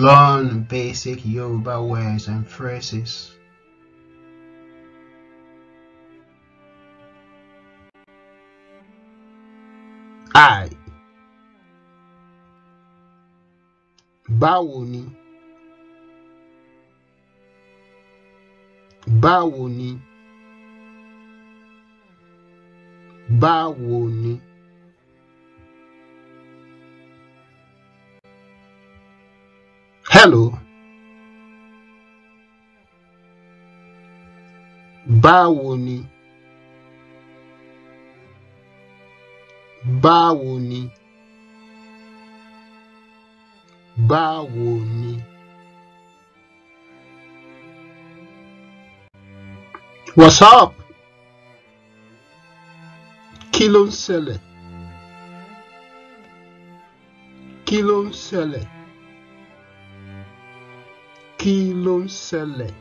learn basic Yoruba words and phrases. I Báwo ni Báwo Hello. Báwo ni? Báwo What's up? Kilon ló ṣẹlẹ̀? ṣẹlẹ̀? kí ló ń ṣẹlẹ̀?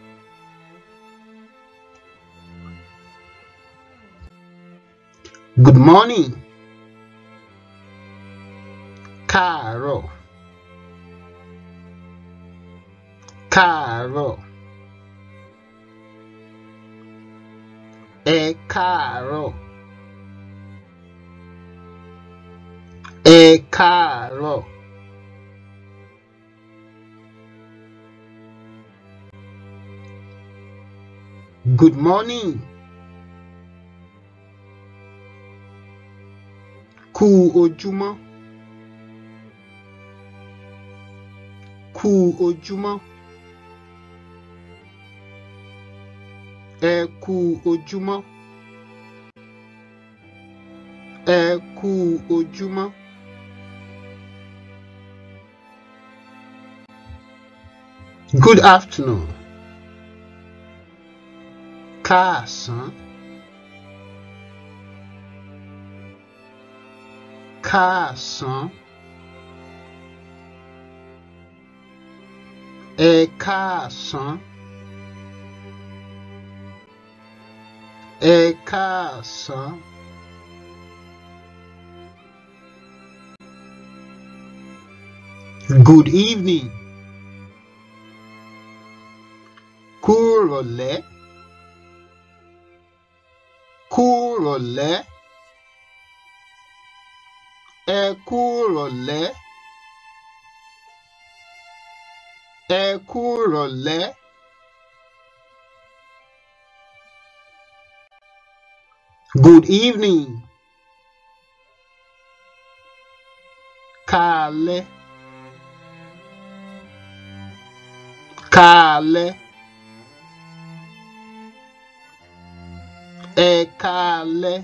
good morning káàárọ̀ káàárọ̀ ẹ káàárọ̀ ẹ káàárọ̀. Good morning. Kú ojúmọ́. Kú ojúmọ́. Ẹ kú ojúmọ́. Ẹ kú ojúmọ́. Good afternoon cars, huh? É cars, É cars, Good evening. Kurole. rọ̀lẹ́ ẹ kú rọ̀lẹ́ ẹ kú rọ̀lẹ́. Good evening. Káalẹ́. Káalẹ́. Ẹ káalẹ́.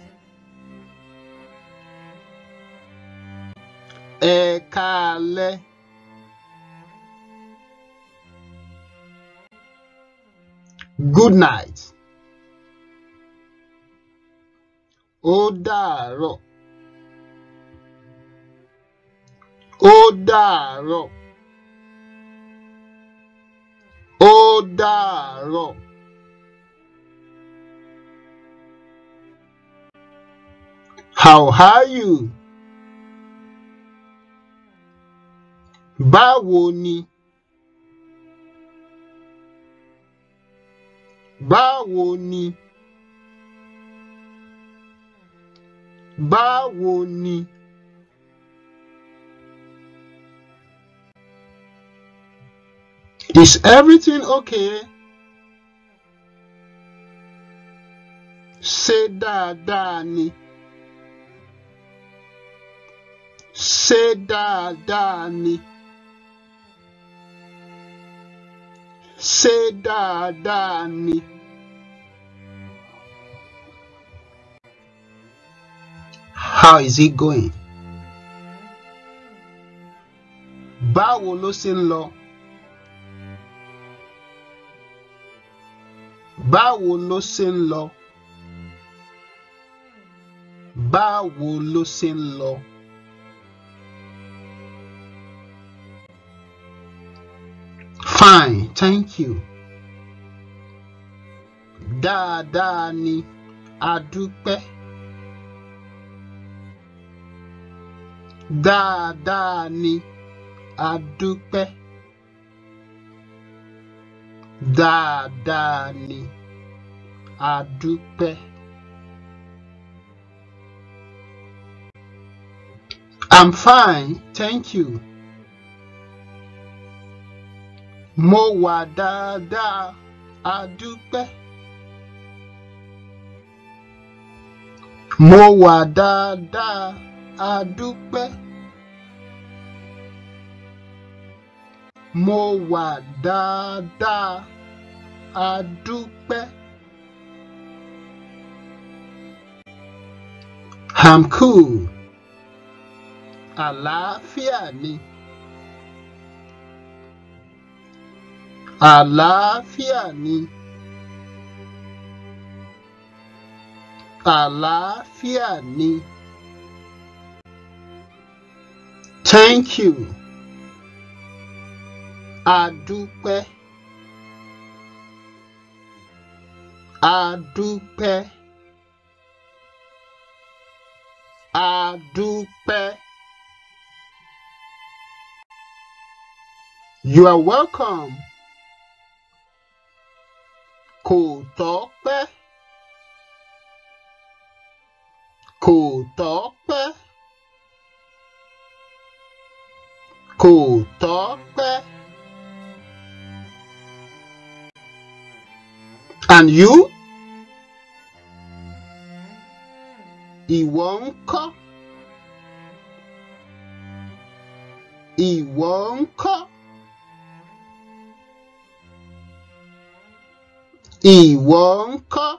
Ẹ káalẹ́. Good night. Ó daro, Ó daro, Ó daro. How are you? Báwo ni? Báwo ni? Báwo ni? Is everything okay? Say dáadáa ni? Da, da, ni. ṣé dáadáa ni ṣé dáadáa ni how is it going báwo ló ṣe ń lọ báwo ló ṣe ń lọ báwo ló ṣe ń lọ. Fine, thank you. Dáadáa ni adupe. dúpẹ́. Dáadáa ni adupe. dúpẹ́. Dáadáa ni adupe. i I'm fine, thank you. Mo wà dáadáa, a Mo wà dáadáa, a Mo wà dáadáa, a dúpẹ́. I'm cool. Àlàáfíà ni. Alafia ni. Alafia ni. Thank you. Adúpẹ́. Adúpẹ́. Adúpẹ́. You are welcome. Kò tọ́ pẹ́ Kò tọ́ pẹ́ Kò tọ́ pẹ́ And you? Ìwọ ńkọ́? Ìwọ ńkọ́? Ìwọ ńkọ́?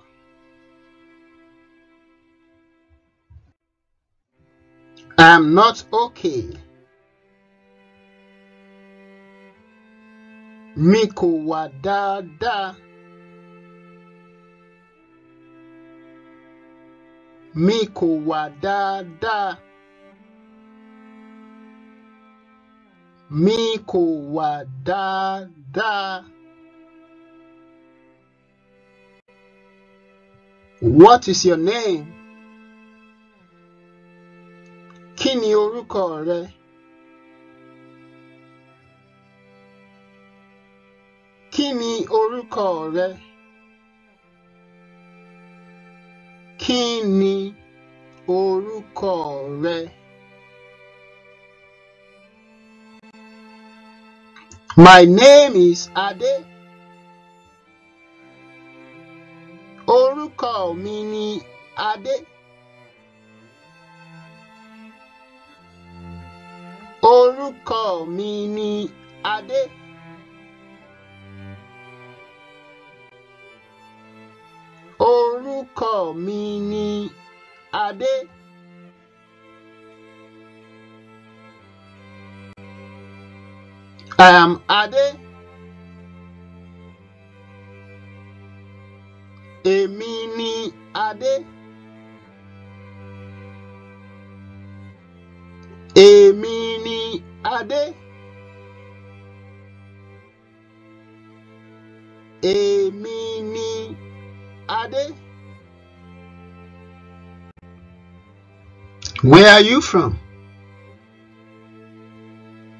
I'm not okay. Mi kò wà dáadáa. Mi kò wà dáadáa. Mi kò wà dáadáa. What is your name? Kini Orukore. orúkọ rẹ? Kini Orukore. orúkọ rẹ? orúkọ rẹ? My name is Ade. Orúkọ mi ni Adé. Orúkọ mi ni Adé. Orúkọ mi ni Adé. I am Adé. Èmi ni Adé. Èmi ni Adé. Èmi ni Adé. Where are you from?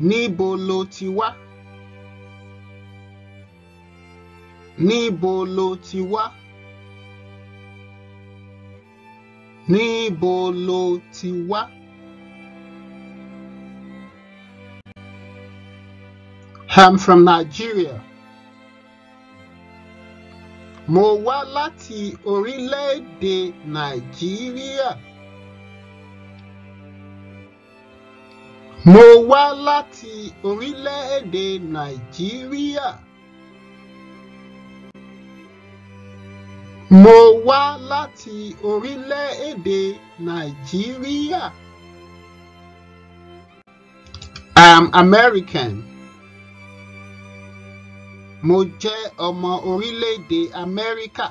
Níbo lo ti wá? Níbo lo ti wá? Níbo lo ti wá? I'm from Nigeria. Mo wá láti orílẹ̀-èdè Nàìjíríà. Mo wá láti orílẹ̀-èdè Nàìjíríà. Mo wá láti orílẹ̀-èdè Nàìjíríà. I'm American. Mo jẹ́ ọmọ orílẹ̀-èdè Amẹ́ríkà.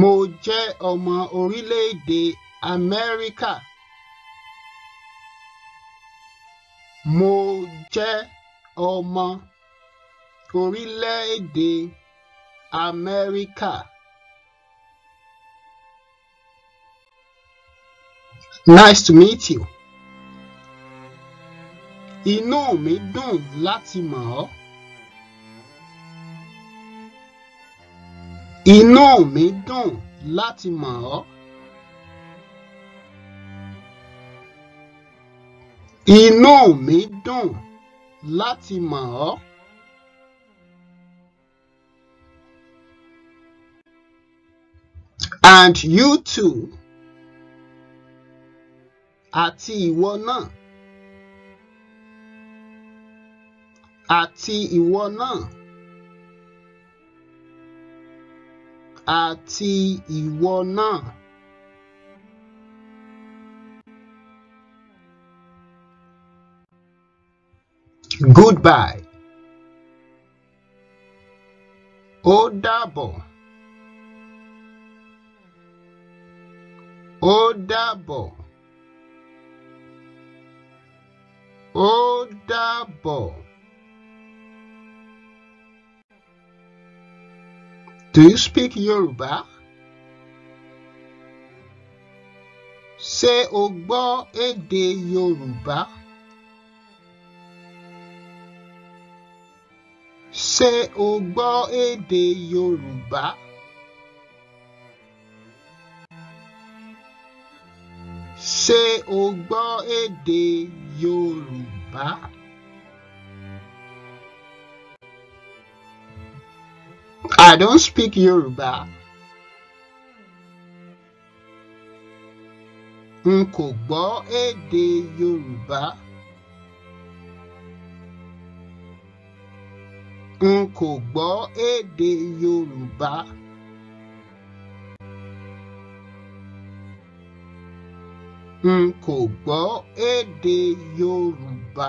Mo jẹ́ ọmọ orílẹ̀-èdè Amẹ́ríkà. Mo jẹ́ ọmọ orílẹ̀-èdè Amẹ́ríkà. Nice to meet you. Inú mi dùn láti mọ̀ ọ́. Inú mi dùn láti mọ̀ ọ́. Inú mi dùn láti mọ̀ ọ́. and you too àti ìwọ àti ìwọ àti ìwọ Goodbye. Ó dàbọ̀. ó dàbọ̀ ó dàbọ̀ do you speak Yoruba? ṣé o gbọ́ èdè Yorùbá? ṣé o gbọ́ èdè Yorùbá? Ṣé o gbọ́ èdè Yorùbá? I don't speak Yorùbá. N kò gbọ́ èdè Yorùbá. N kò gbọ́ èdè Yorùbá. n kò gbọ́ èdè Yorùbá.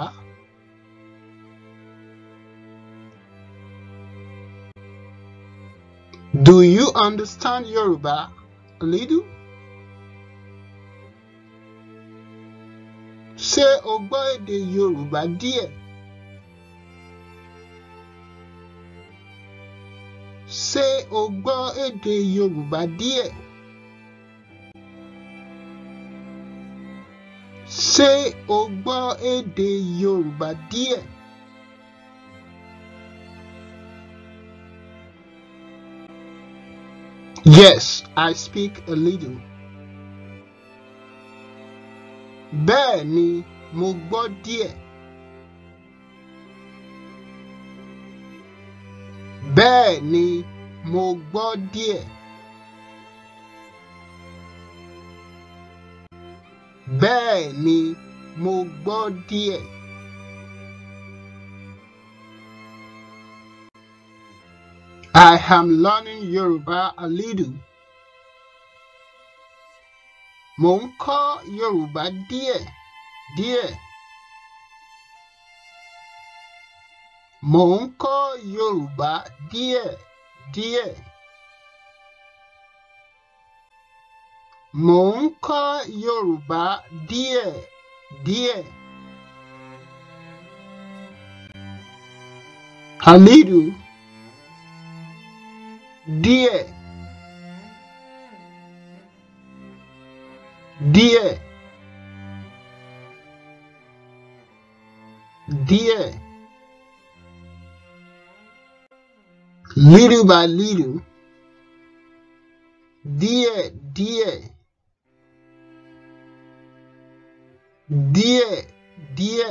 Do you understand Yoruba a little? Ṣé o gbọ́ èdè Yorùbá díẹ̀? Ṣé o gbọ́ èdè Yorùbá díẹ̀? Ṣé o gbọ́ èdè Yorùbá díẹ̀? Yes, I speak a little. Bẹ́ẹ̀ni, mo gbọ́ díẹ̀. Bẹ́ẹ̀ni, mo gbọ́ díẹ̀. Bẹ́ẹ̀ni, mo gbọ́ díẹ̀ I am learning Yorùbá a little. Mò ń kọ́ Yorùbá díẹ̀ díẹ̀. Mò ń kọ́ Yorùbá díẹ̀ díẹ̀. Mò ń kọ́ Yorùbá díẹ̀díẹ̀. Halidu díẹ̀ díẹ̀ díẹ̀ little by little díẹ̀díẹ̀. दिए दिए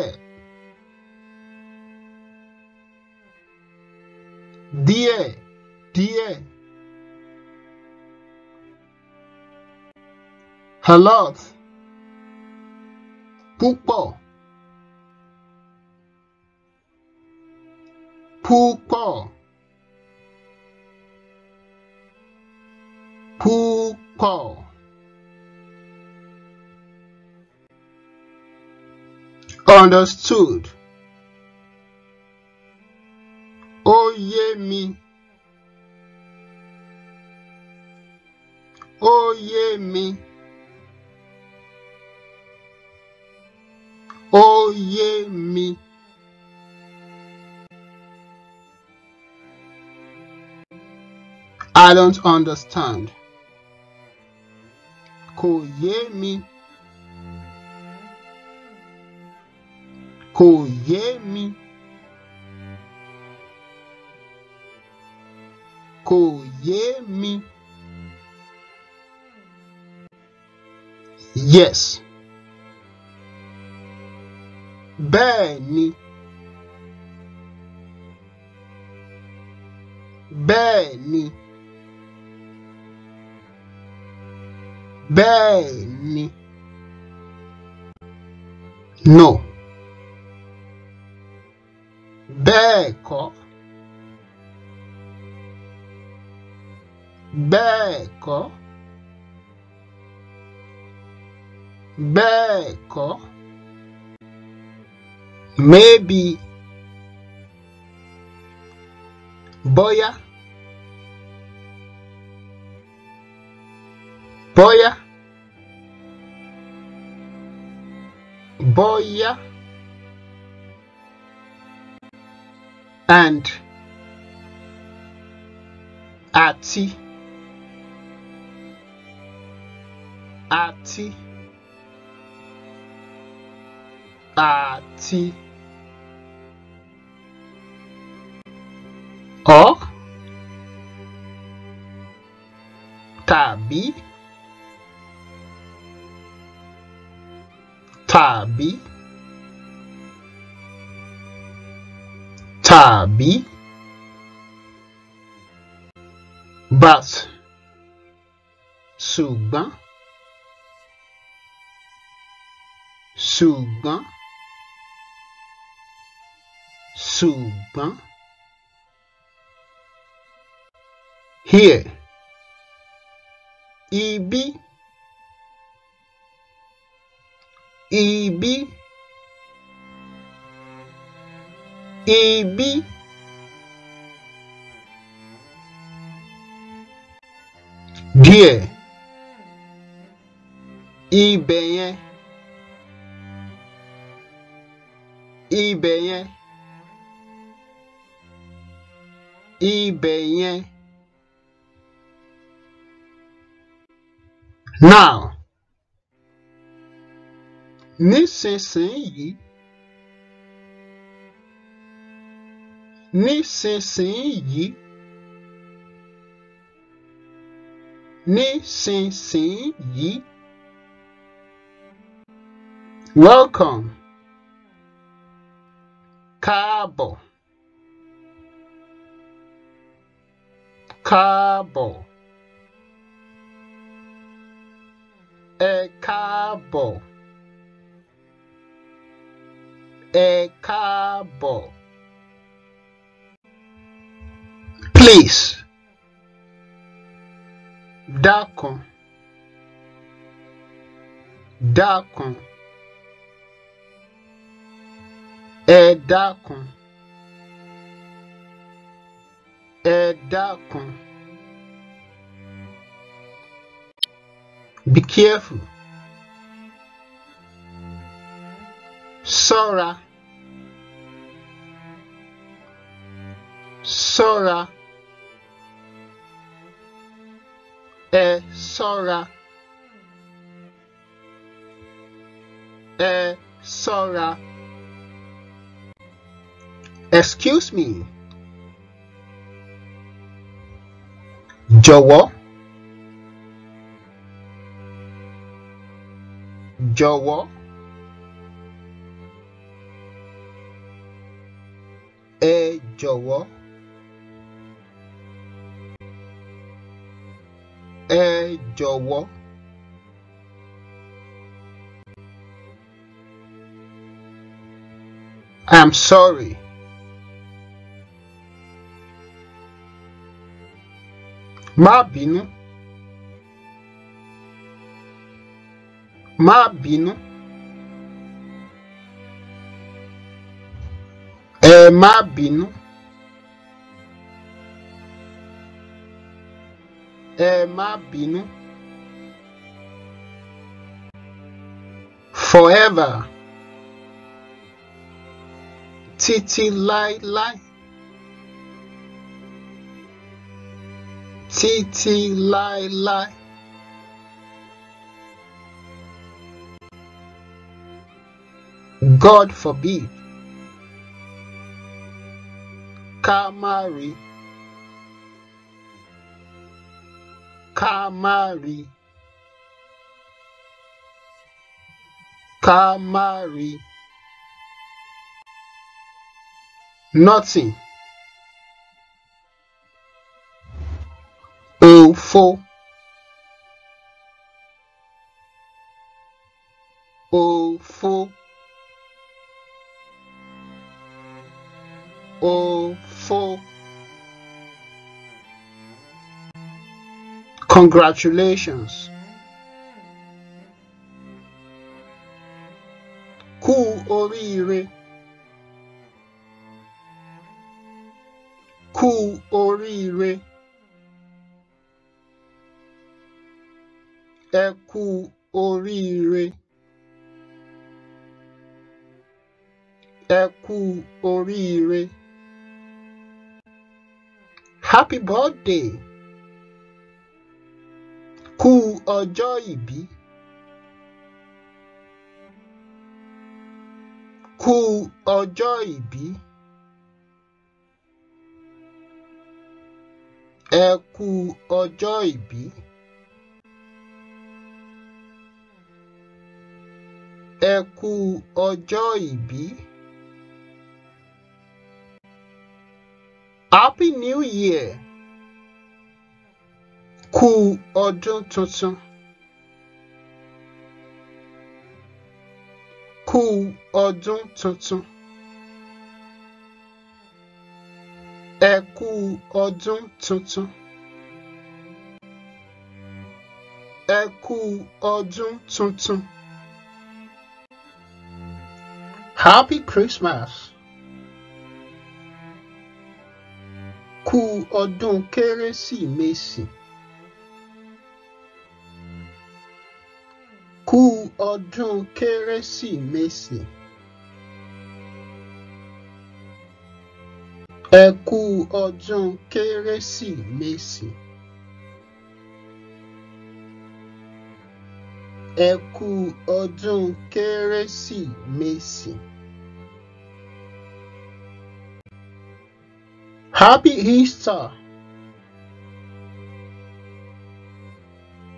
दिए दिए हलात पुपो पुपो पुपो understood. Ó yé me. Ó yé me. Ó yé me. I don't understand. Kò yé me? Kò yé mi. Kò yé mi. Yes. Bẹ́ẹ̀ ni. Bẹ́ẹ̀ ni. Bẹ́ẹ̀ ni. No. Beco. Beco. Beco. maybe boya boya boya and àti àti àti ọ tàbí tàbí. tàbí but ṣùgbọ́n ṣùgbọ́n ṣùgbọ́n here ibi ibi. Ebi. Díẹ̀. Ibẹ̀ yẹn. Ibẹ̀ yẹn. Ibẹ̀ yẹn. Now. Nísinsìnyí. nísinsìnyí nísinsìnyí welcome káàbọ̀ káàbọ̀ ẹ káàbọ̀ ẹ káàbọ̀. place dá kan dá kan be careful ṣọ́ra. Sora. ẹ ṣọ́ra ẹ ṣọ́ra. Excuse me. Jọ̀wọ́. Jọ̀wọ́. Ẹ jọ̀wọ́. ẹ jọ̀wọ́ I'm sorry. Má bínú. Má bínú. Ẹ má bínú. May be bínú. forever títí láíláí títí Lai. God forbid. Kamari. ká má rí ká má rí nothing òfo òfo. Congratulations. Ku orire. Ku orire. eku orire, eku orire. Happy birthday. ọjọ́ ìbí kú ọjọ́ ìbí ẹ kú ọjọ́ ìbí ẹ kú ọjọ́ ìbí. Happy New Year! Kú ọdún tuntun. ọdún tuntun. Ẹ kú ọdún tuntun. Ẹ kú ọdún tuntun. Happy Christmas. Kú ọdún Kérésìmesì. Kú ọdún Kérésìmesì. Ẹ kú ọdún Kérésìmesì. Ẹ kú ọdún Kérésìmesì. Happy Easter.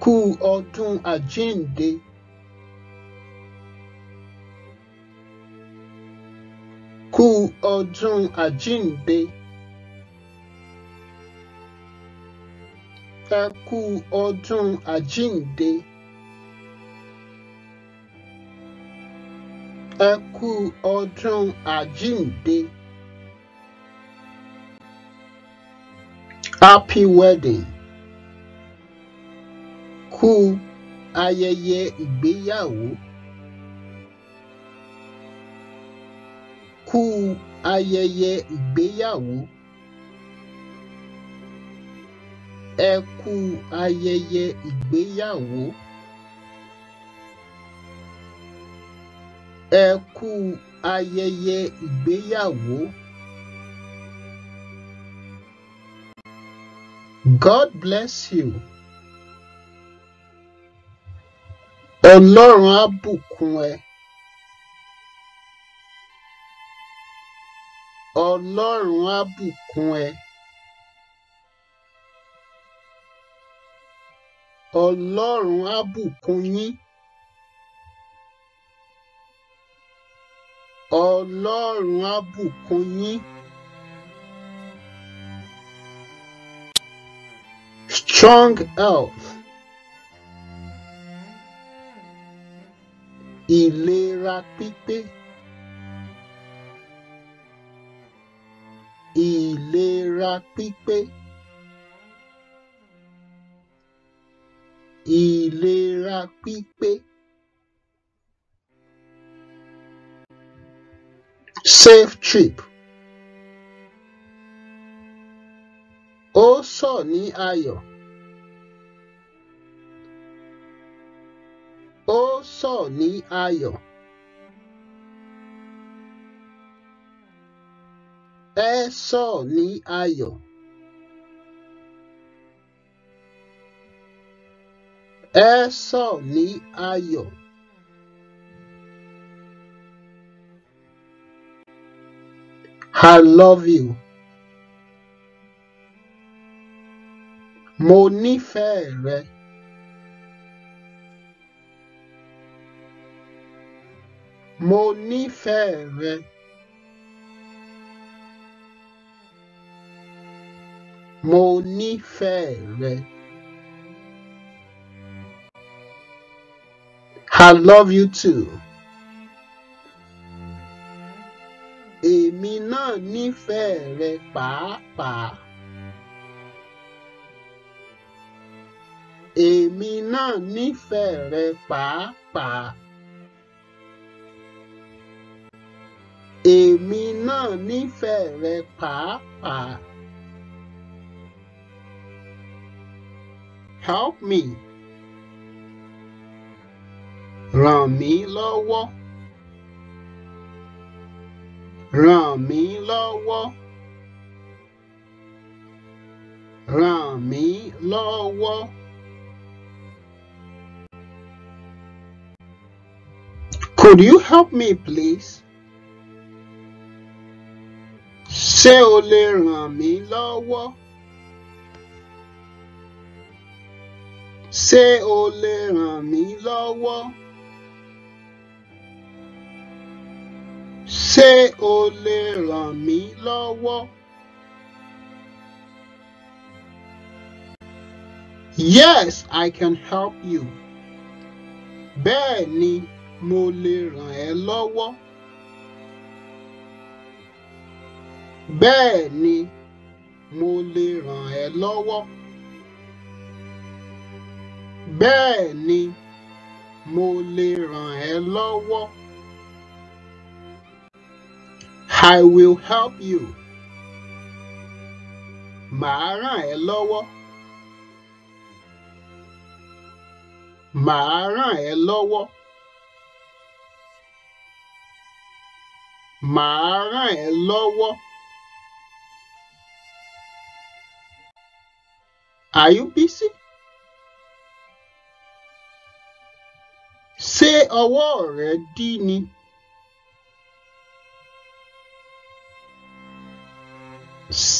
Kú ọdún àjíǹde. Kú ọdún àjíǹde ẹ kú ọdún àjíǹde ẹ kú ọdún àjíǹde happy wedding kú ayẹyẹ ìgbéyàwó. kú ayẹyẹ ìgbéyàwó. Ẹ kú ayẹyẹ ìgbéyàwó. Ẹ kú ayẹyẹ ìgbéyàwó. God bless you. Ọlọ́run á bùkún ẹ. Ọlọ́run á bùkún ẹ. Ọlọ́run á bùkún yín. Ọlọ́run á bùkún yín. Strong health. Ìlera pípé. Safe trip. Ó sọ̀ ní ayọ̀. Ó sọ̀ ní ayọ̀. Ẹ́sọ̀ ní Ayọ̀. Ẹ́sọ̀ ní Ayọ̀. I love you. Mo nífẹ̀ẹ́ rẹ. Mo nífẹ̀ẹ́ rẹ. Mo nífẹ̀ẹ́ rẹ. I love you too. Èmi náà nífẹ̀ẹ́ rẹ pàápàá. Èmi náà nífẹ̀ẹ́ rẹ pàápàá. Èmi náà nífẹ̀ẹ́ rẹ pàápàá. help me Run me, lọ́wọ́ Run me, lọ́wọ́ Run me, lọ́wọ́. Could you help me please? Say, o run me, mí Ṣé o lè ràn mí lọ́wọ́? Ṣé o lè ràn mí lọ́wọ́? Yes, I can help you. Bẹ́ẹ̀ ni, mo lè ràn ẹ́ lọ́wọ́. Bẹ́ẹ̀ ni, mo lè ràn ẹ́ lọ́wọ́. Bẹ́ẹ̀ ni, mo lè ràn ẹ́ lọ́wọ́. I will help you. Màá ràn ẹ́ lọ́wọ́. Màá ràn ẹ́ lọ́wọ́. Màá ràn ẹ́ lọ́wọ́. Are you busy? Ṣé ọwọ́ rẹ̀ dí ni?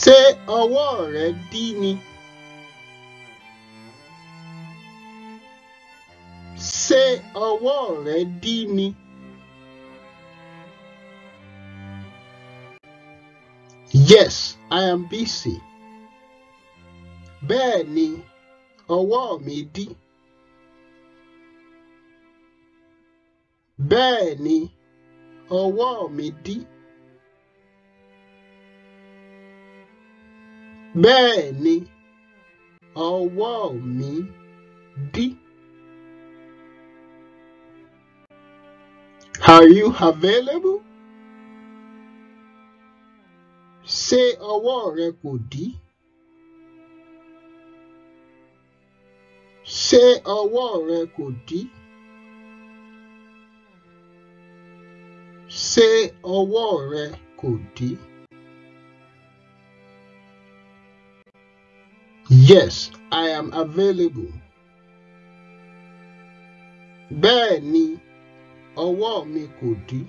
Ṣé ọwọ́ rẹ̀ dí ni? Ṣé ọwọ́ rẹ̀ dí ni? Yes, I am busy. Bẹ́ẹ̀ ni, ọwọ́ mi dí. Bẹ́ẹ̀ ni, ọwọ́ mi dí. Bẹ́ẹ̀ ni, ọwọ́ mi dí. Are you available? Ṣé ọwọ́ rẹ kò dí? Ṣé ọwọ́ rẹ kò dí? Ṣé ọwọ́ rẹ kò dí? Yes, I am available. Bẹ́ẹ̀ni, ọwọ́ mi kò dí.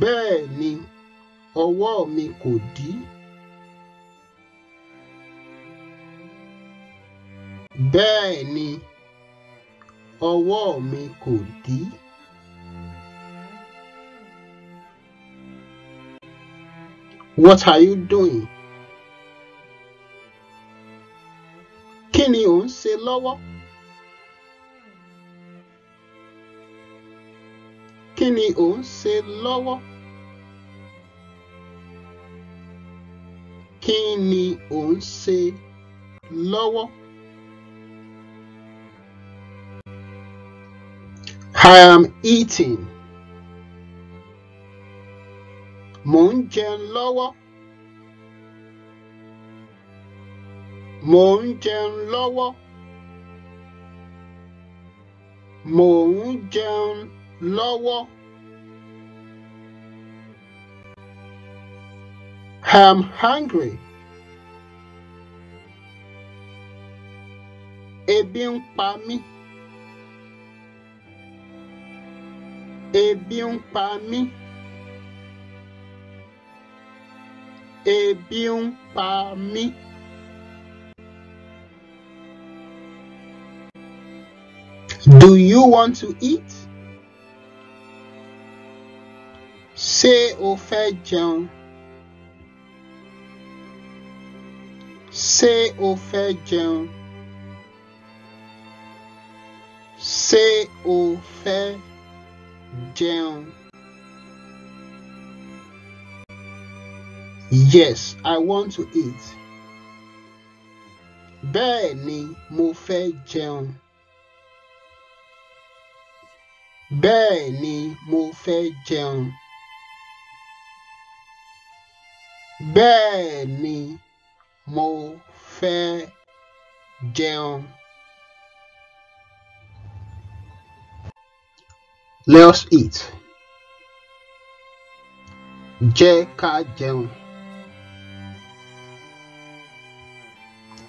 Bẹ́ẹ̀ni, ọwọ́ mi kò dí. Bẹ́ẹ̀ni, ọwọ́ mi kò dí. What are you doing? Kí ni ò ń ṣe lọ́wọ́? Kí ni ò ń ṣe lọ́wọ́? Kí ò ń ṣe lọ́wọ́? I am eating. Mò ń jẹun lọ́wọ́. Mò ń jẹun lọ́wọ́. Mò ń jẹun lọ́wọ́. I'm hungry. Ebi ń pa mí. Ebi ń pa mí. Ebi ń pa mí. Do you want to eat? Ṣé o fẹ́ jẹun? Ṣé o fẹ́ jẹun? Ṣé o fẹ́ jẹun? Yes, I want to eat. Bẹ́ẹ̀ ni mo fẹ́ jẹun. Bẹ́ẹ̀ ni mo fẹ́ jẹun. Bẹ́ẹ̀ ni mo fẹ́ jẹun. Let's eat. Jẹ́ ká jẹun.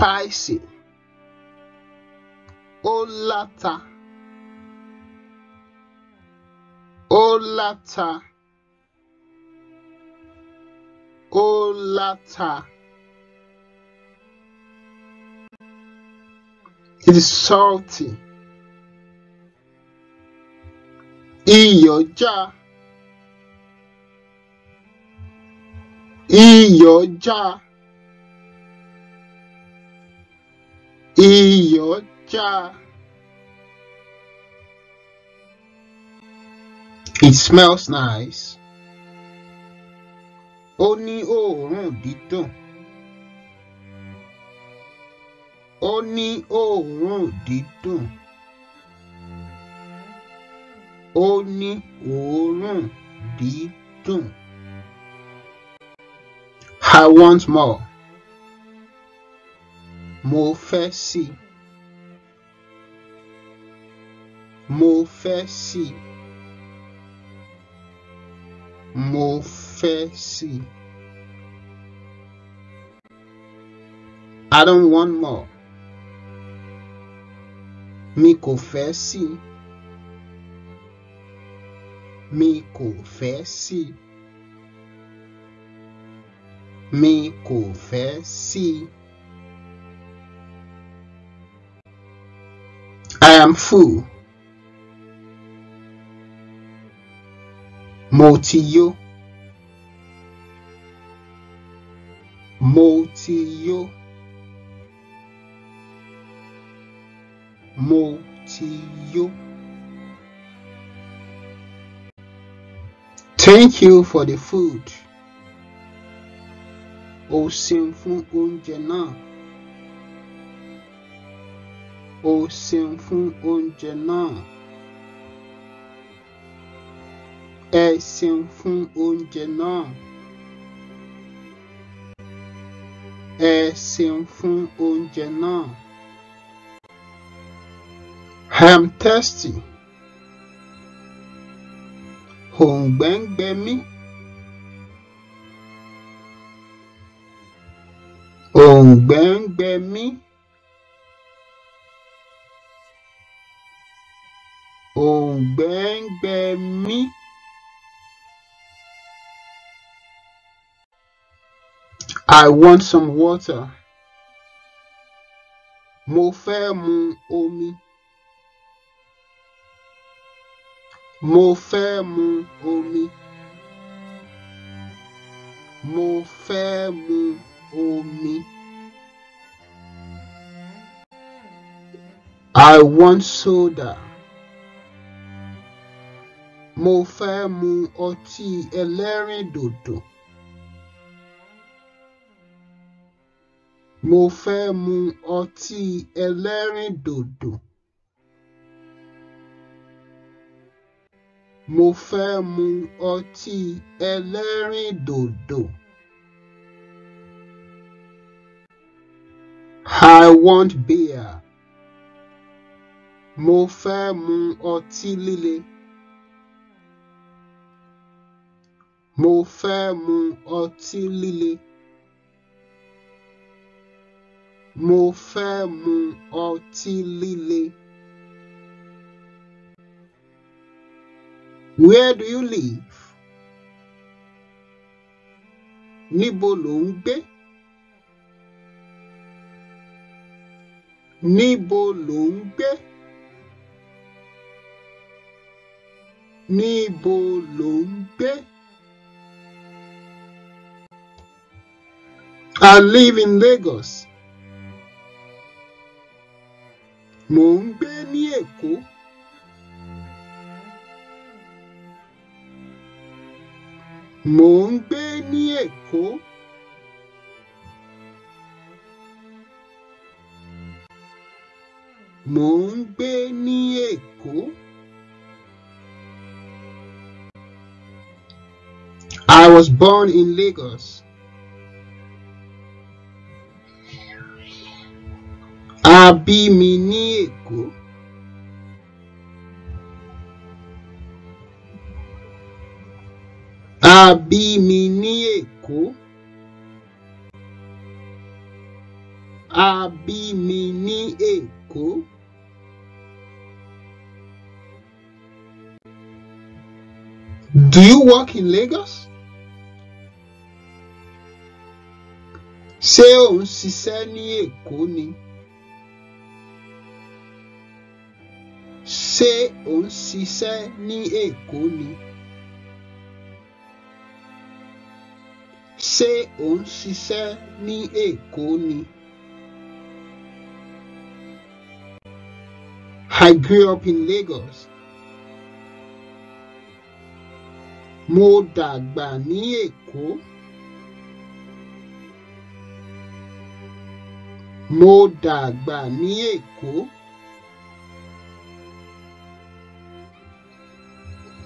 spicy Olata. Olata. Olata. It is salty. Iyoja. Iyoja. Iyocha. It smells nice. Ó ní òórùn dídùn. Ó ní òórùn dídùn. Ó ní òórùn dídùn. I want more mo fẹ́ sí mo fẹ́ sí mo fẹ́ sí I don't want more mi kò fẹ́ sí mi kò fẹ́ sí mi kò fẹ́ sí. am full. Mo ti yó. Thank you for the food. O ṣeun fún o ṣeun fún oúnjẹ náà ẹ ṣeun fún oúnjẹ náà ẹ ṣeun fún oúnjẹ náà Ham thirsty òǹgbẹ ń gbẹ mi. òǹgbẹ ń gbẹ mí. bang me. I want some water. Mo fẹ́ mu omi. Mo fẹ́ mu omi. Mo fẹ́ mu omi. I want soda. Mo fẹ́ mu ọtí ẹlẹ́rìndòdò. Mo fẹ́ mu ọtí ẹlẹ́rìndòdò. Mo fẹ́ mu ọtí ẹlẹ́rìndòdò. I want beer. Mo fẹ́ mu ọtí líle. Mo fẹ́ mu ọtí líle. Mo fẹ́ mu ọtí líle. Where do you live? Níbo lò ń gbé? Níbo lò ń gbé? Níbo lò ń gbé? I live in Lagos. Mo ń ní Èkó. Mo ń ní Èkó. Mo ń ní Èkó. I was born in Lagos. bí mi ní Èkó a bí mi ní Èkó a bí mi ní Èkó. Do you work in Lagos? Ṣé ò ń ṣiṣẹ́ ní Èkó ni? Ṣé ò ń ṣiṣẹ́ ní Èkó ni? Ṣé ò ń ṣiṣẹ́ ní Èkó ni? I grew up in Lagos. Mo dàgbà ní Èkó. Mo dàgbà ní Èkó.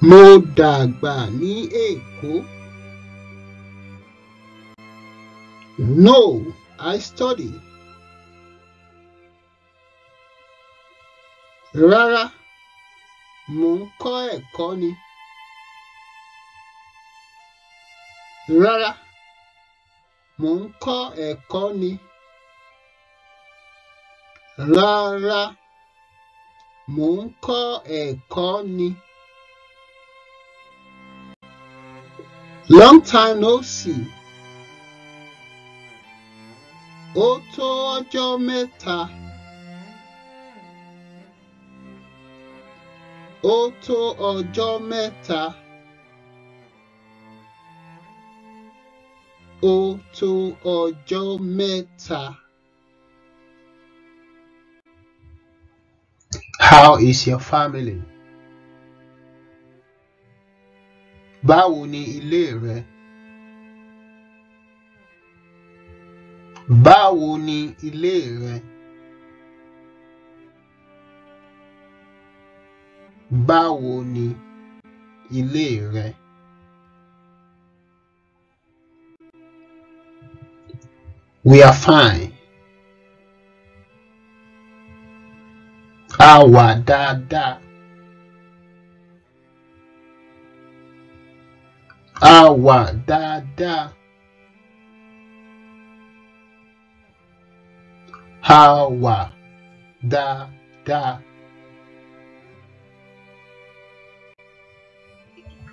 Mo dàgbà ní Èkó. No, I study. Rárá, mò ń kọ ẹ̀kọ́ ni. ni. Long time no see. Oto ọjọ́ mẹ́ta. Oto ọjọ́ mẹ́ta. Oto ọjọ́ mẹ́ta. How is your family? Báwo ni ilé rẹ? Báwo ni ilé rẹ? Báwo ni ilé rẹ? We are fine. A wà dáadáa. da da?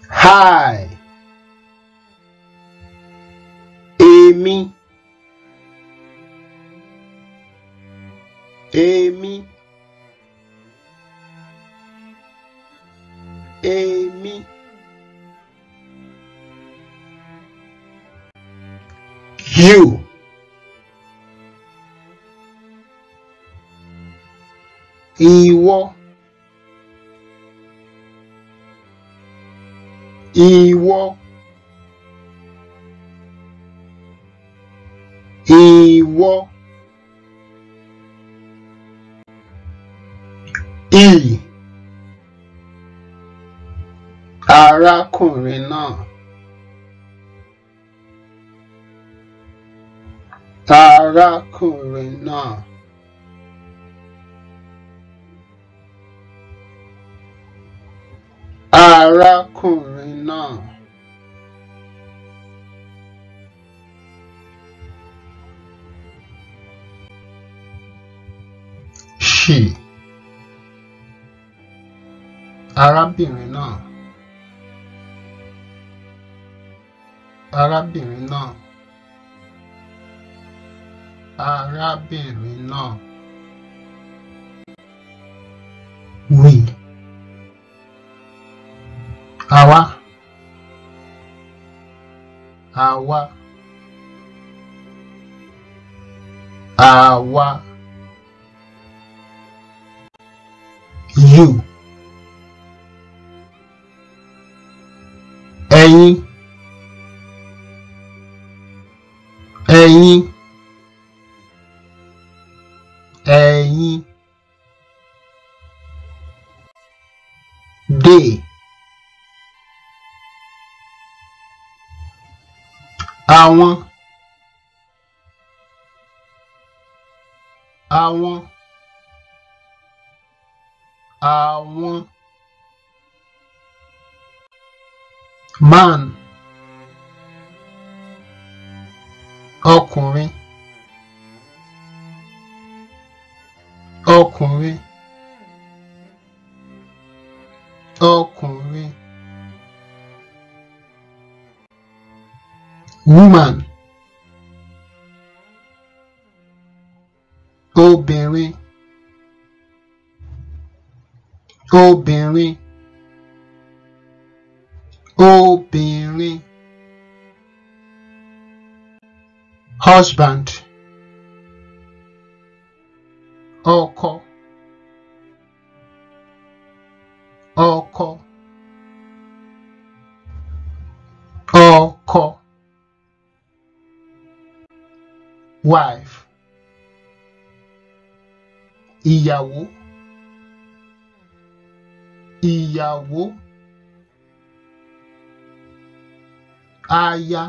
hi Amy. Amy. Amy. you. Ìwọ. Ìwọ. Ìwọ. Ì. Arákùnrin náà. arákùnrin náà. arákùnrin náà. she arábìnrin náà arábìnrin náà arábìnrin náà. We àwa àwa àwa you ẹ̀yin ẹ̀yin ẹ̀yin they àwọn àwọn àwọn man ọkùnrin ọkùnrin ọkùnrin woman obìnrin obìnrin obìnrin husband ọkọ. ọkọ ọkọ wife ìyàwó ìyàwó aya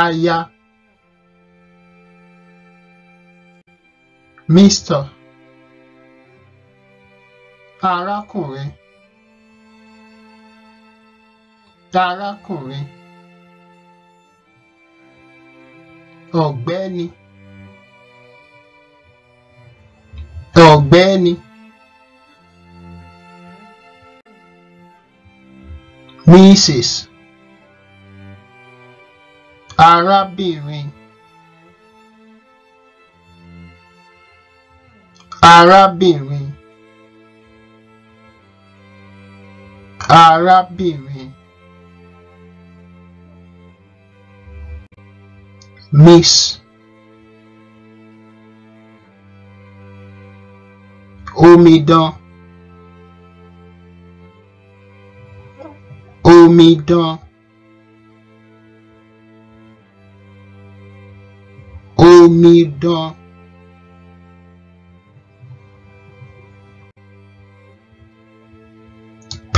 aya mister tarákùnrin tarákùnrin ọ̀gbẹ́ni ọ̀gbẹ́ni mrs arábìnrin arábìnrin. arábìnrin miss omidan omidan omidan.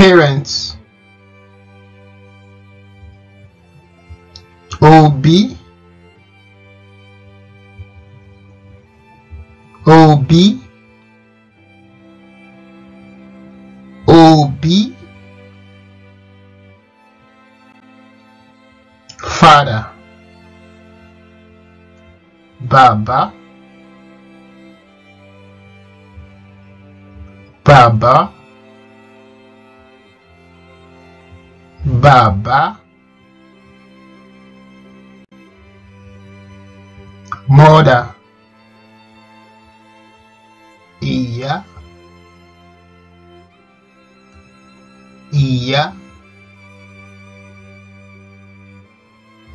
parents OB OB OB father Baba Baba baba mother iya iya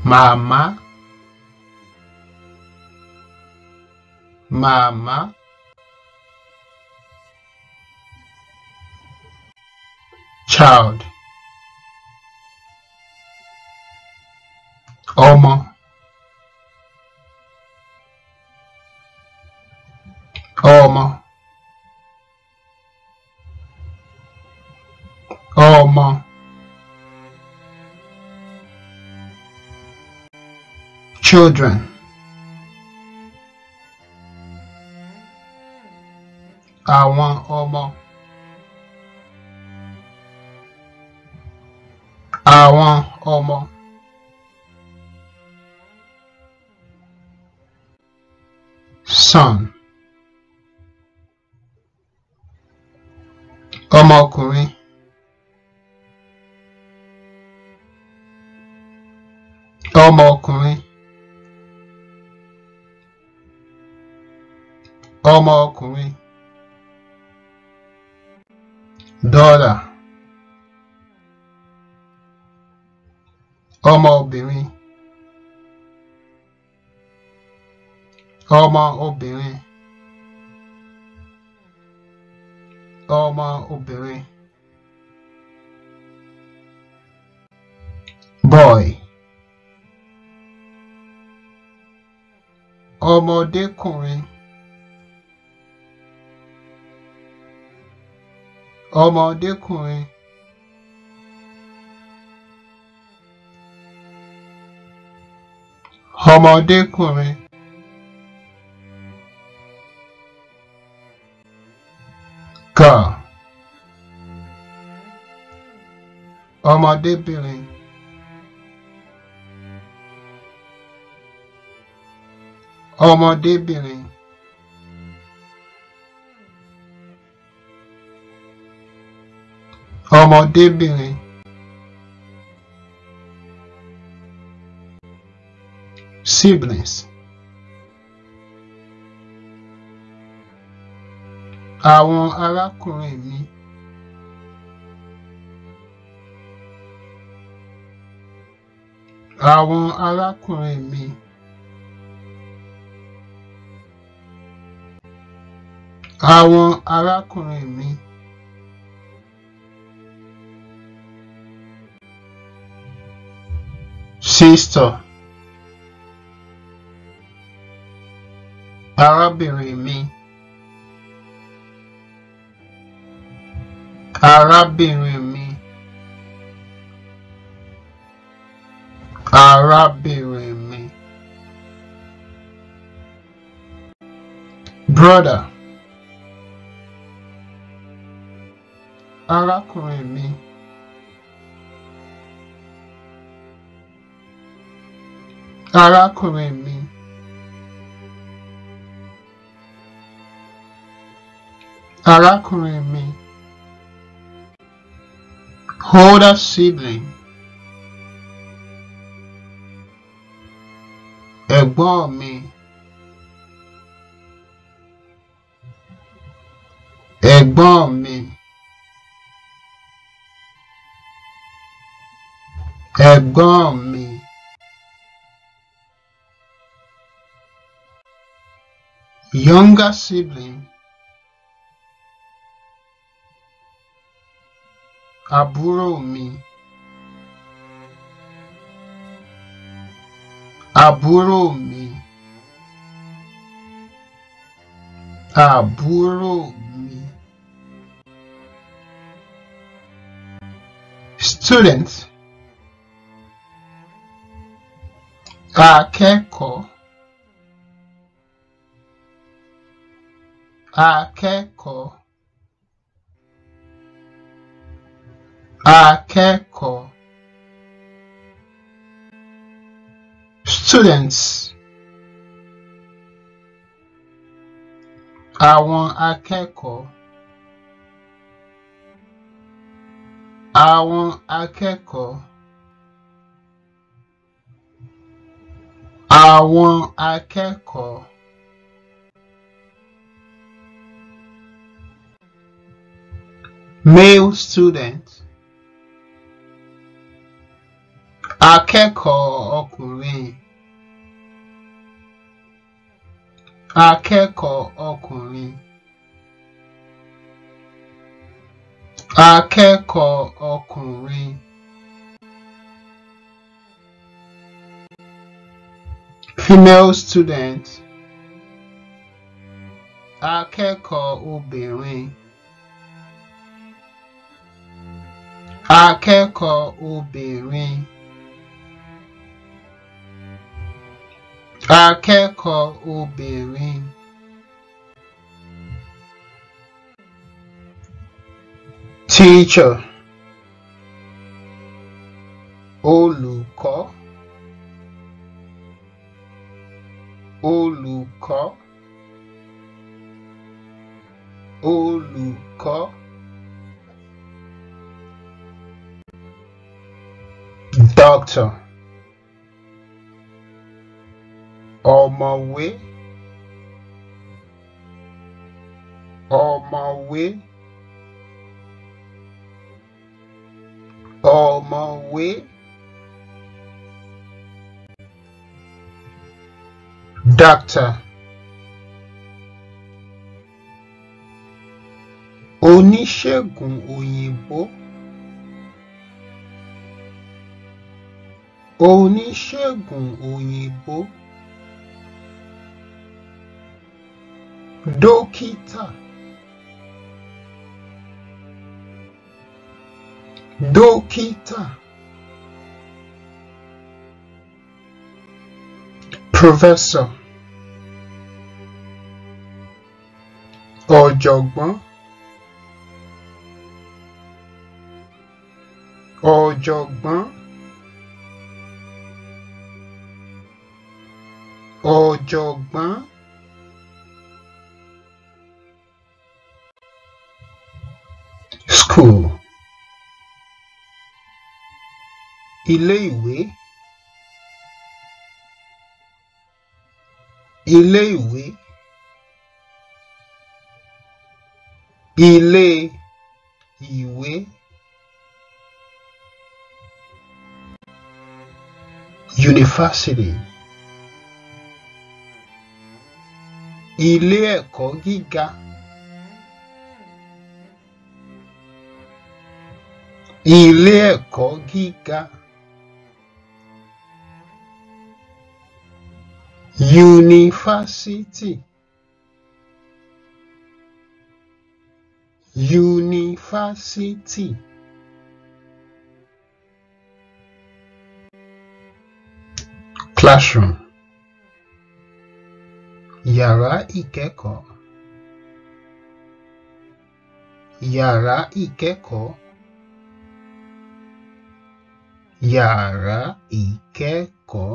mama mama child Alma. Alma. Alma. Children. I want Alma. ọmọkùnrin ọmọkùnrin ọmọkùnrin dọ́là ọmọbìnrin ọmọ obìnrin. ọmọ obìnrin boy ọmọdékùnrin ọmọdékùnrin ọmọdékùnrin. kà ọmọdébìnrin ọmọdébìnrin ọmọdébìnrin siblings àwọn arákùnrin mi àwọn arákùnrin mi àwọn arákùnrin mi sister arábìnrin mi. arábìnrin mi arábìnrin mi brother arákùnrin mi arákùnrin mi arákùnrin mi. Hoda sibling. above mi. above mi. Ẹ̀gbọ́n mi. Younger sibling. àbúrò mi àbúrò mi àbúrò mi student akẹ́kọ̀ọ́ students àwọn akẹ́kọ̀ọ́ àwọn akẹ́kọ̀ọ́ àwọn akẹ́kọ̀ọ́ male students akẹ́kọ̀ọ́ ọkùnrin akẹ́kọ̀ọ́ ọkùnrin akẹ́kọ̀ọ́ ọkùnrin female student akẹ́kọ̀ọ́ obìnrin akẹ́kọ̀ọ́ obìnrin. akẹ́kọ̀ọ́ obìnrin teacher ọ̀mọ̀wé ọ̀mọ̀wé ọ̀mọ̀wé doctor oníṣègùn òyìnbó oníṣègùn òyìnbó. Dókítà. Dókítà. Professor. Ọ̀jọ̀gbọ́n. Ọ̀jọ̀gbọ́n. Ọ̀jọ̀gbọ́n. ilé-ìwé ilé-ìwé ilé-ìwé university ilé-ẹ̀kọ́ gíga ilé-ẹ̀kọ́ gíga. University. University. Classroom. Yàrá ikeko. Yàrá ikeko. Yàrá ikeko.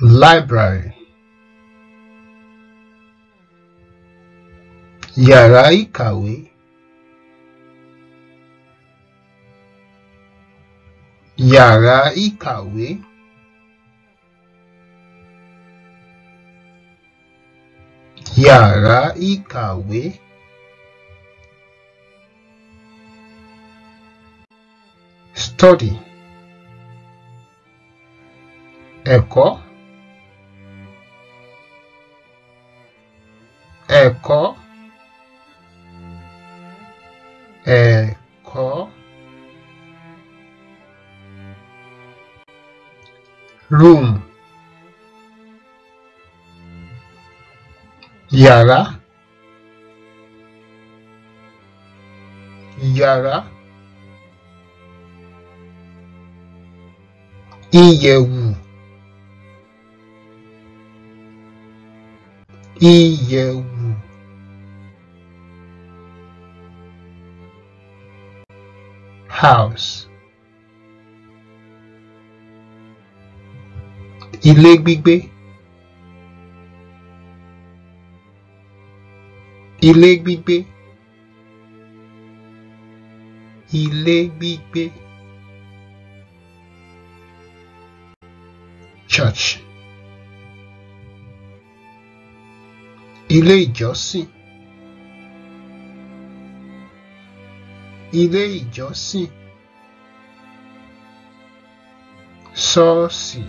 library yàrá ìkàwé yàrá ìkàwé yàrá ìkàwé study ẹ̀kọ́. ẹ̀kọ́ ẹ̀kọ́ room yàrá yàrá ìyẹ̀wù ìyẹ̀wù. house. Ilé gbígbé. Ilé gbígbé. Ilé gbígbé. Church. Ilé ìjọsìn. ilé ìjọsìn ṣọ́ọ̀ṣì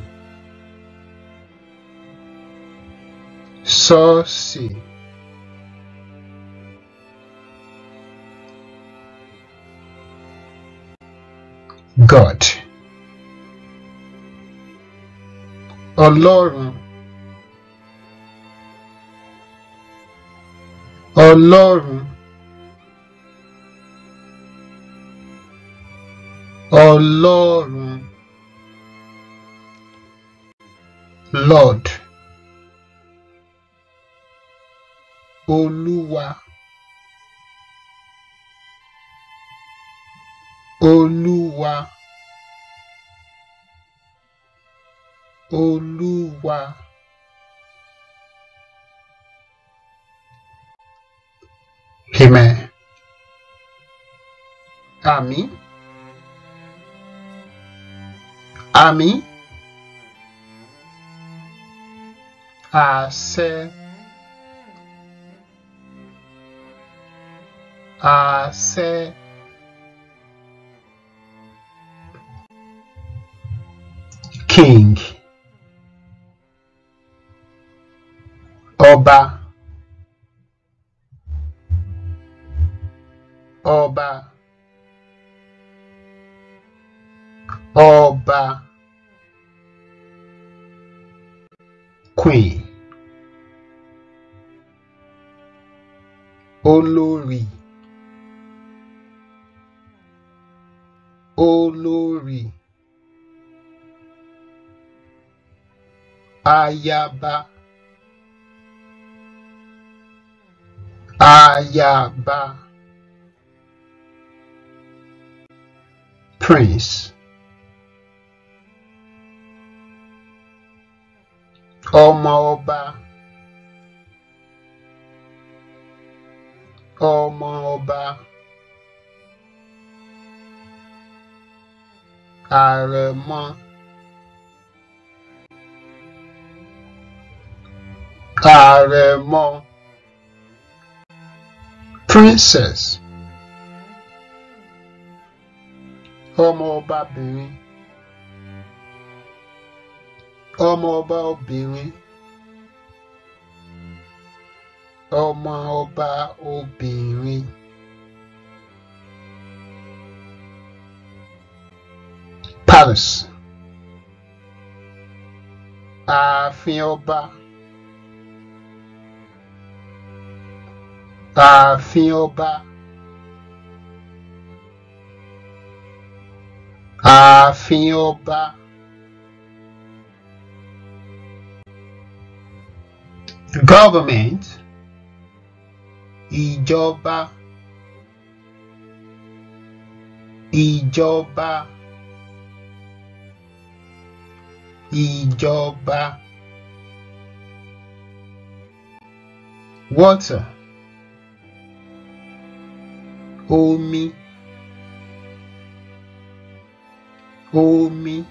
ṣọ́ọ̀ṣì God Ọlọ́run Ọlọ́run. Ọlọ́run Lord Olúwa Olúwa Olúwa Amen. Àmín. àmì àṣẹ àṣẹ king ọba ọba. Ayaba. Ayaba. Prince. Omaoba, Omaoba, Ọmọ àrẹ̀mọ princess ọmọ ọba bìnrin ọmọ ọba obìnrin ọmọ ọba obìnrin palace ààfin ọba. Ààfin ọba ààfin ọba government Ijoba, Ijoba, Ijoba, water me, hold me,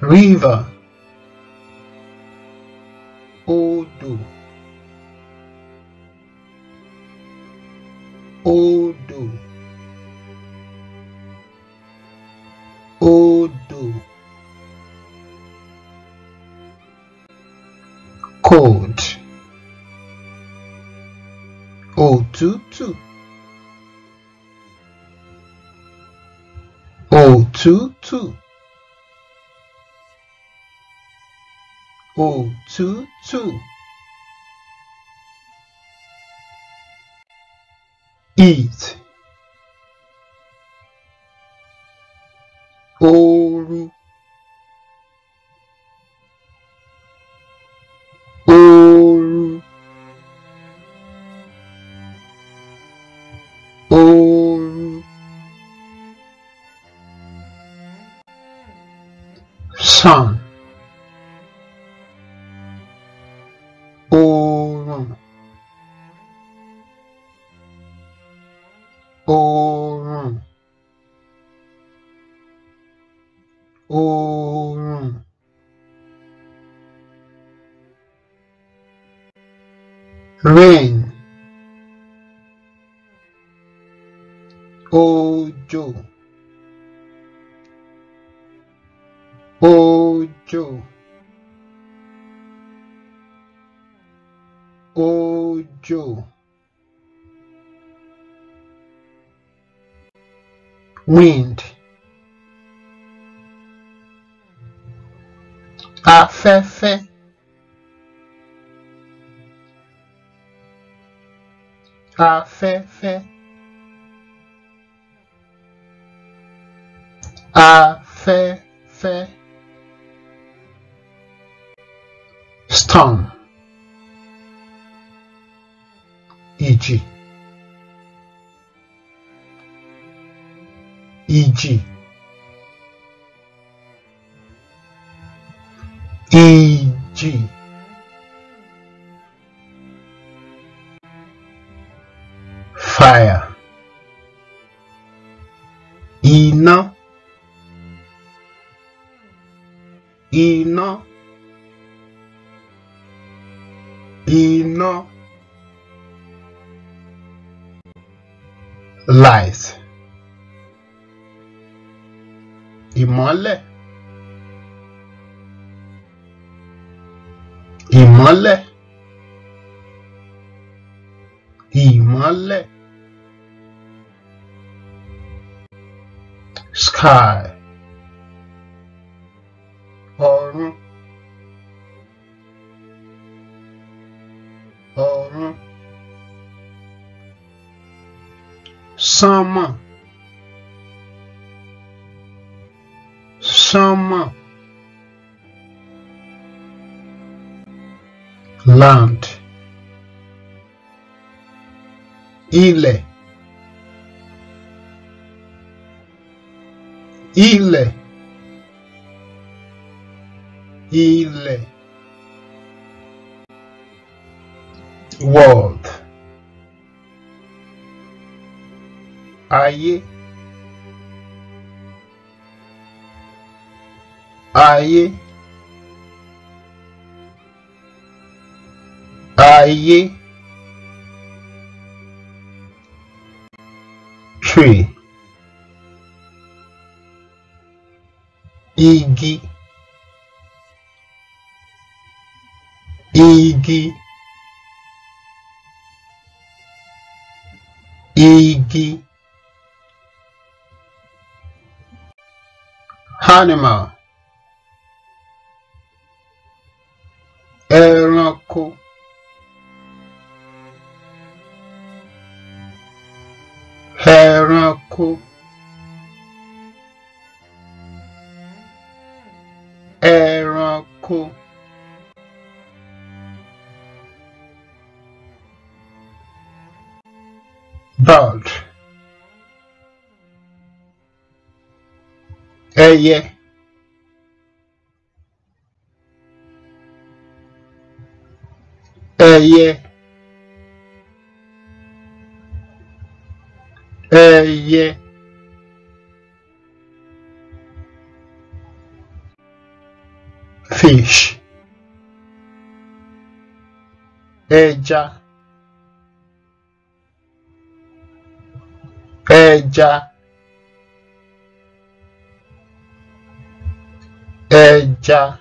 river odò. two two. O oh. oh, two two. O oh, two two. Eat. Ouro song ruim. some land ile ile ile world aye ayé ayé tree igi igi igi animal ẹranko ẹranko ẹranko bird ẹyẹ. yeah. Eye. Eye. Fish. Eja. Eja. Eja.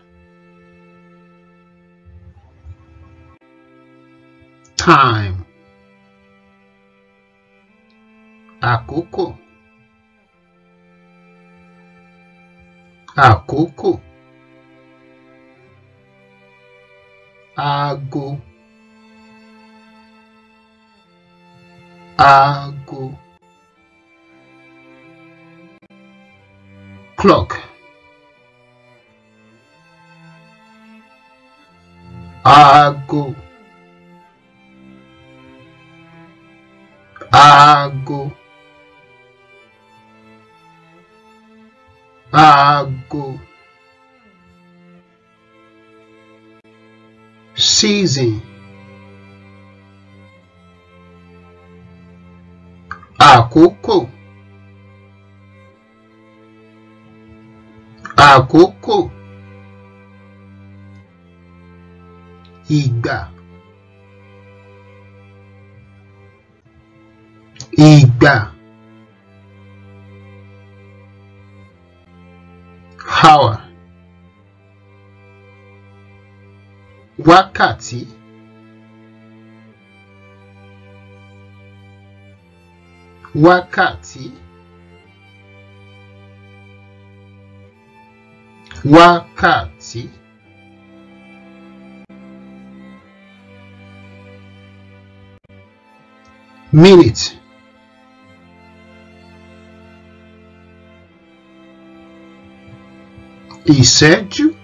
time àkókò àkókò Ago. Ago. clock aago. Ago. a season, a àkókò, ìgbà. gbà hour wákàtí wákàtí wákàtí. minute insédio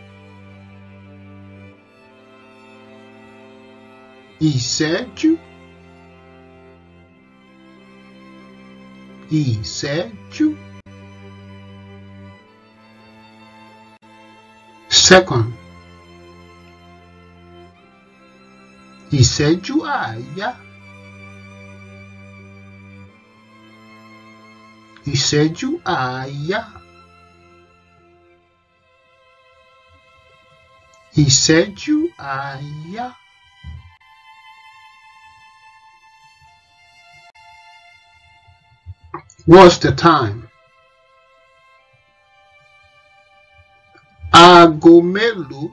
insédio insédio second insédio aia insédio aia He sent you? Ah, yeah. What's the time? Agomelo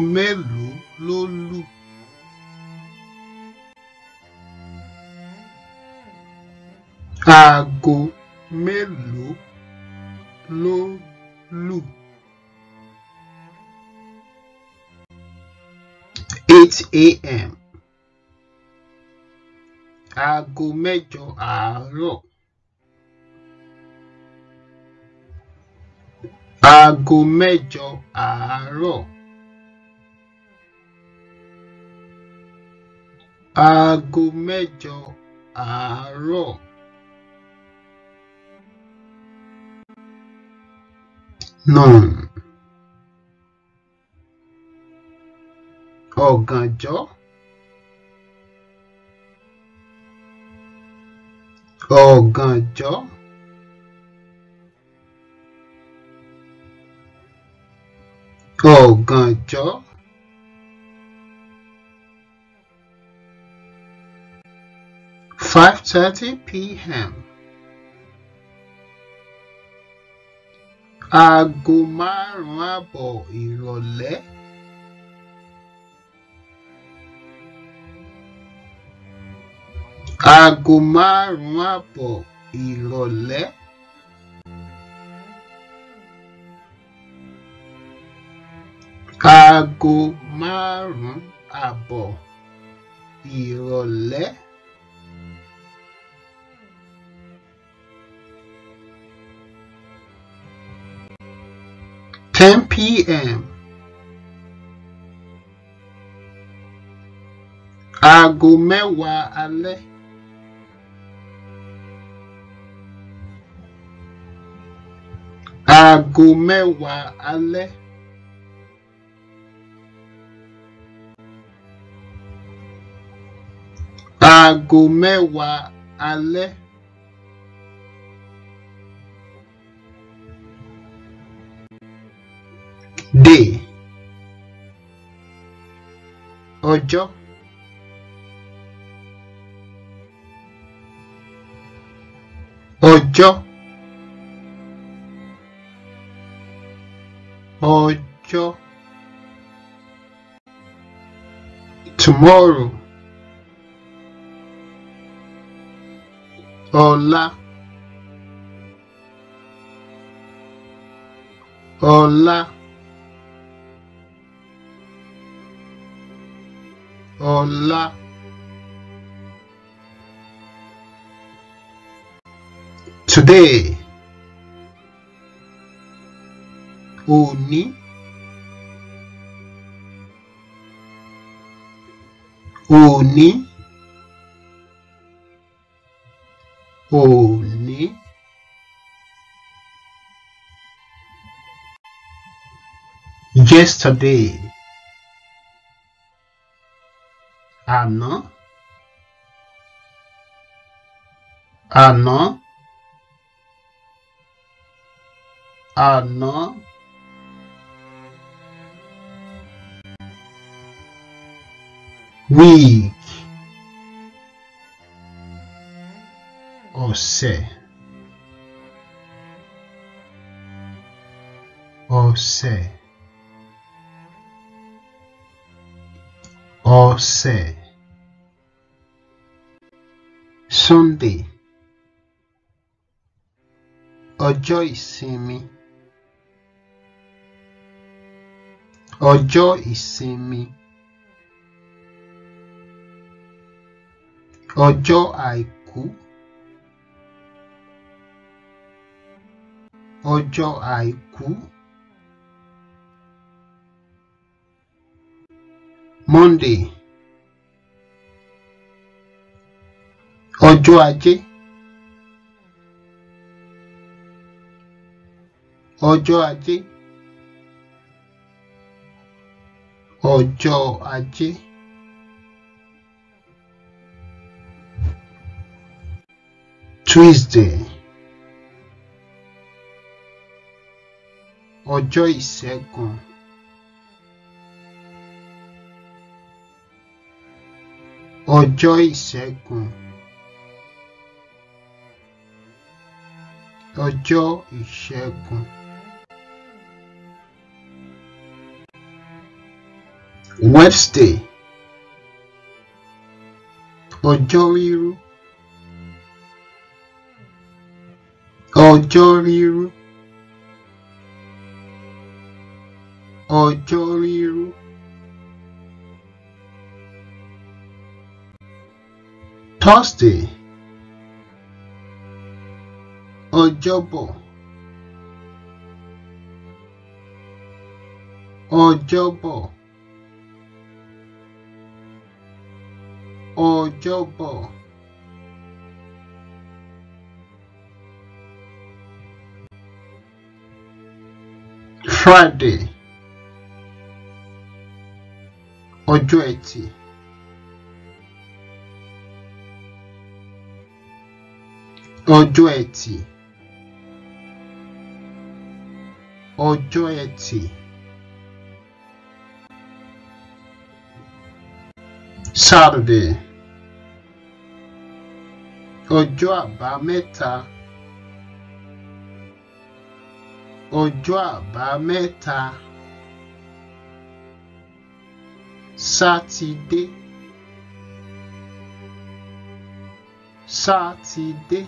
mélòó Aago mélòó ló lù? Eight AM Aago mẹ́jọ àárọ̀ Aago mẹ́jọ àárọ̀ Aago mẹ́jọ àárọ̀. none. Ọ̀gànjọ́ ọ̀gànjọ́ ọ̀gànjọ́ five thirty p.m. aago márùn-ún àbọ̀ ìrọ̀lẹ́ aago márùn-ún àbọ̀ ìrọ̀lẹ́ aago márùn-ún àbọ̀ ìrọ̀lẹ́. 10 p.m. aago mẹ́wàá alẹ́ aago mẹ́wàá alẹ́ aago mẹ́wàá alẹ́. ocho ocho ocho tomorrow hola hola ọ̀la. Today òní òní òní yesterday. no! We. àná week ọ̀sẹ̀ ọ̀sẹ̀. ọ̀sẹ̀ Sunday ọjọ́ ìsinmi ọjọ́ ìsinmi ọjọ́ àìkú ọjọ́ àìkú Monday ọjọ́ ajé ọjọ́ ajé ọjọ́ ajé Tuesday ọjọ́ ìṣẹ́gun ọjọ́ ìṣẹ́gun. ọjọ́ ìṣẹ́gun. Wednesday ọjọ́ rírú ọjọ́ rírú ọjọ́ rírú Thursday. Ọjọ́bọ̀ Ọjọ́bọ̀ Ọjọ́bọ̀ Friday ọjọ́ ẹtì ọjọ́ ẹtì. ọjọ́ ẹtì Saturday ọjọ́ àbámẹ́ta ọjọ́ àbámẹ́ta sátidé sátidé.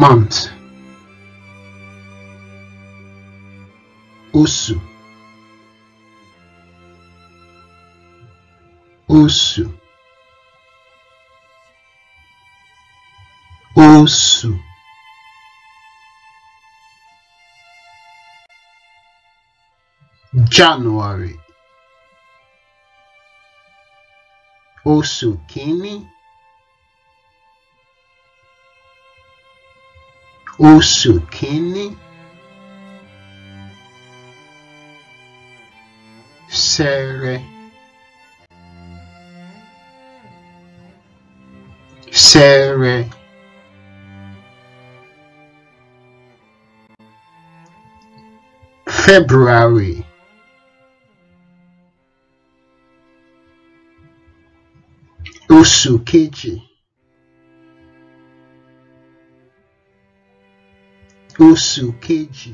months. osso, osso, osso, January, osso Kini. Osukini Sere Sere February Oṣù oṣù kejì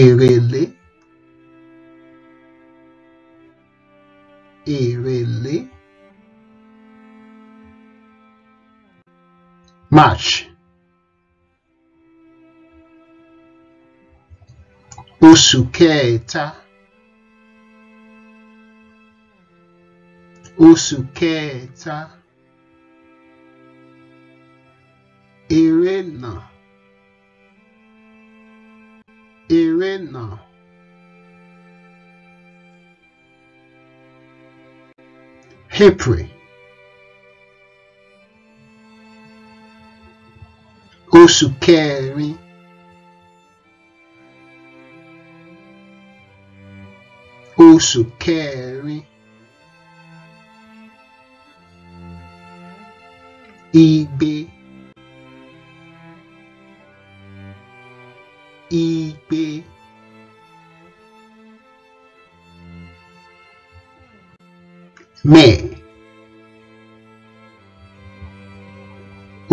èrèlé èrèlé march oṣù kẹta oṣù kẹta. Irena. Irena. Hipri. Usukeri, Usukeri, Oṣù May.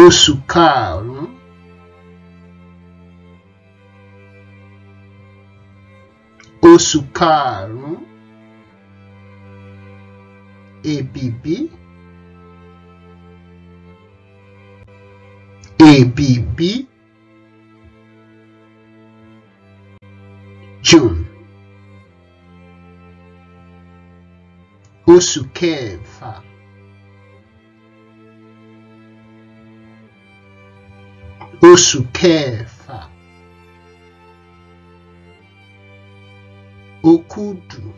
Oṣù karùn-ún. Oṣù karùn-ún. June. usukeva usukeva okudu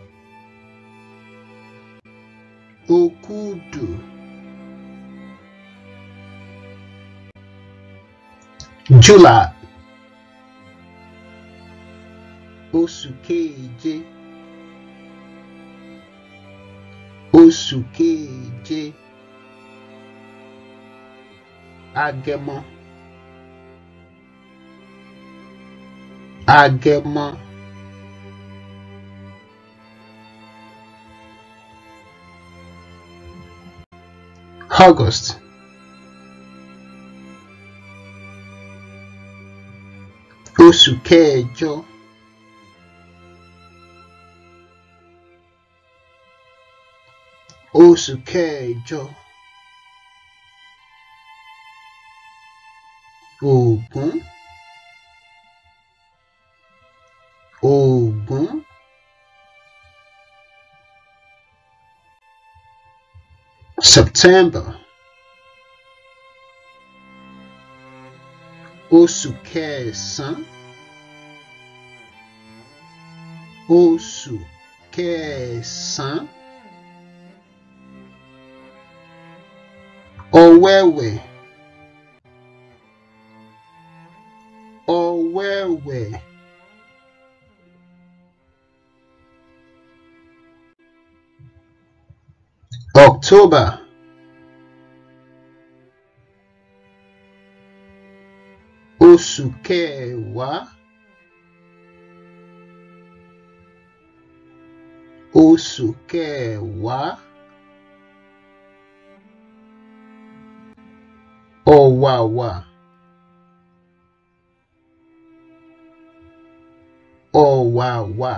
okudu jula oṣù keje. Osukeje Agẹmọ Agẹmọ August oṣù kẹjọ. Osukejo, kẹjọ ògún ògún September oṣù kẹsàn-án osu Where where owewe October oṣù kẹwàá oṣù kẹwàá. ọ̀wàwà ọ̀wàwà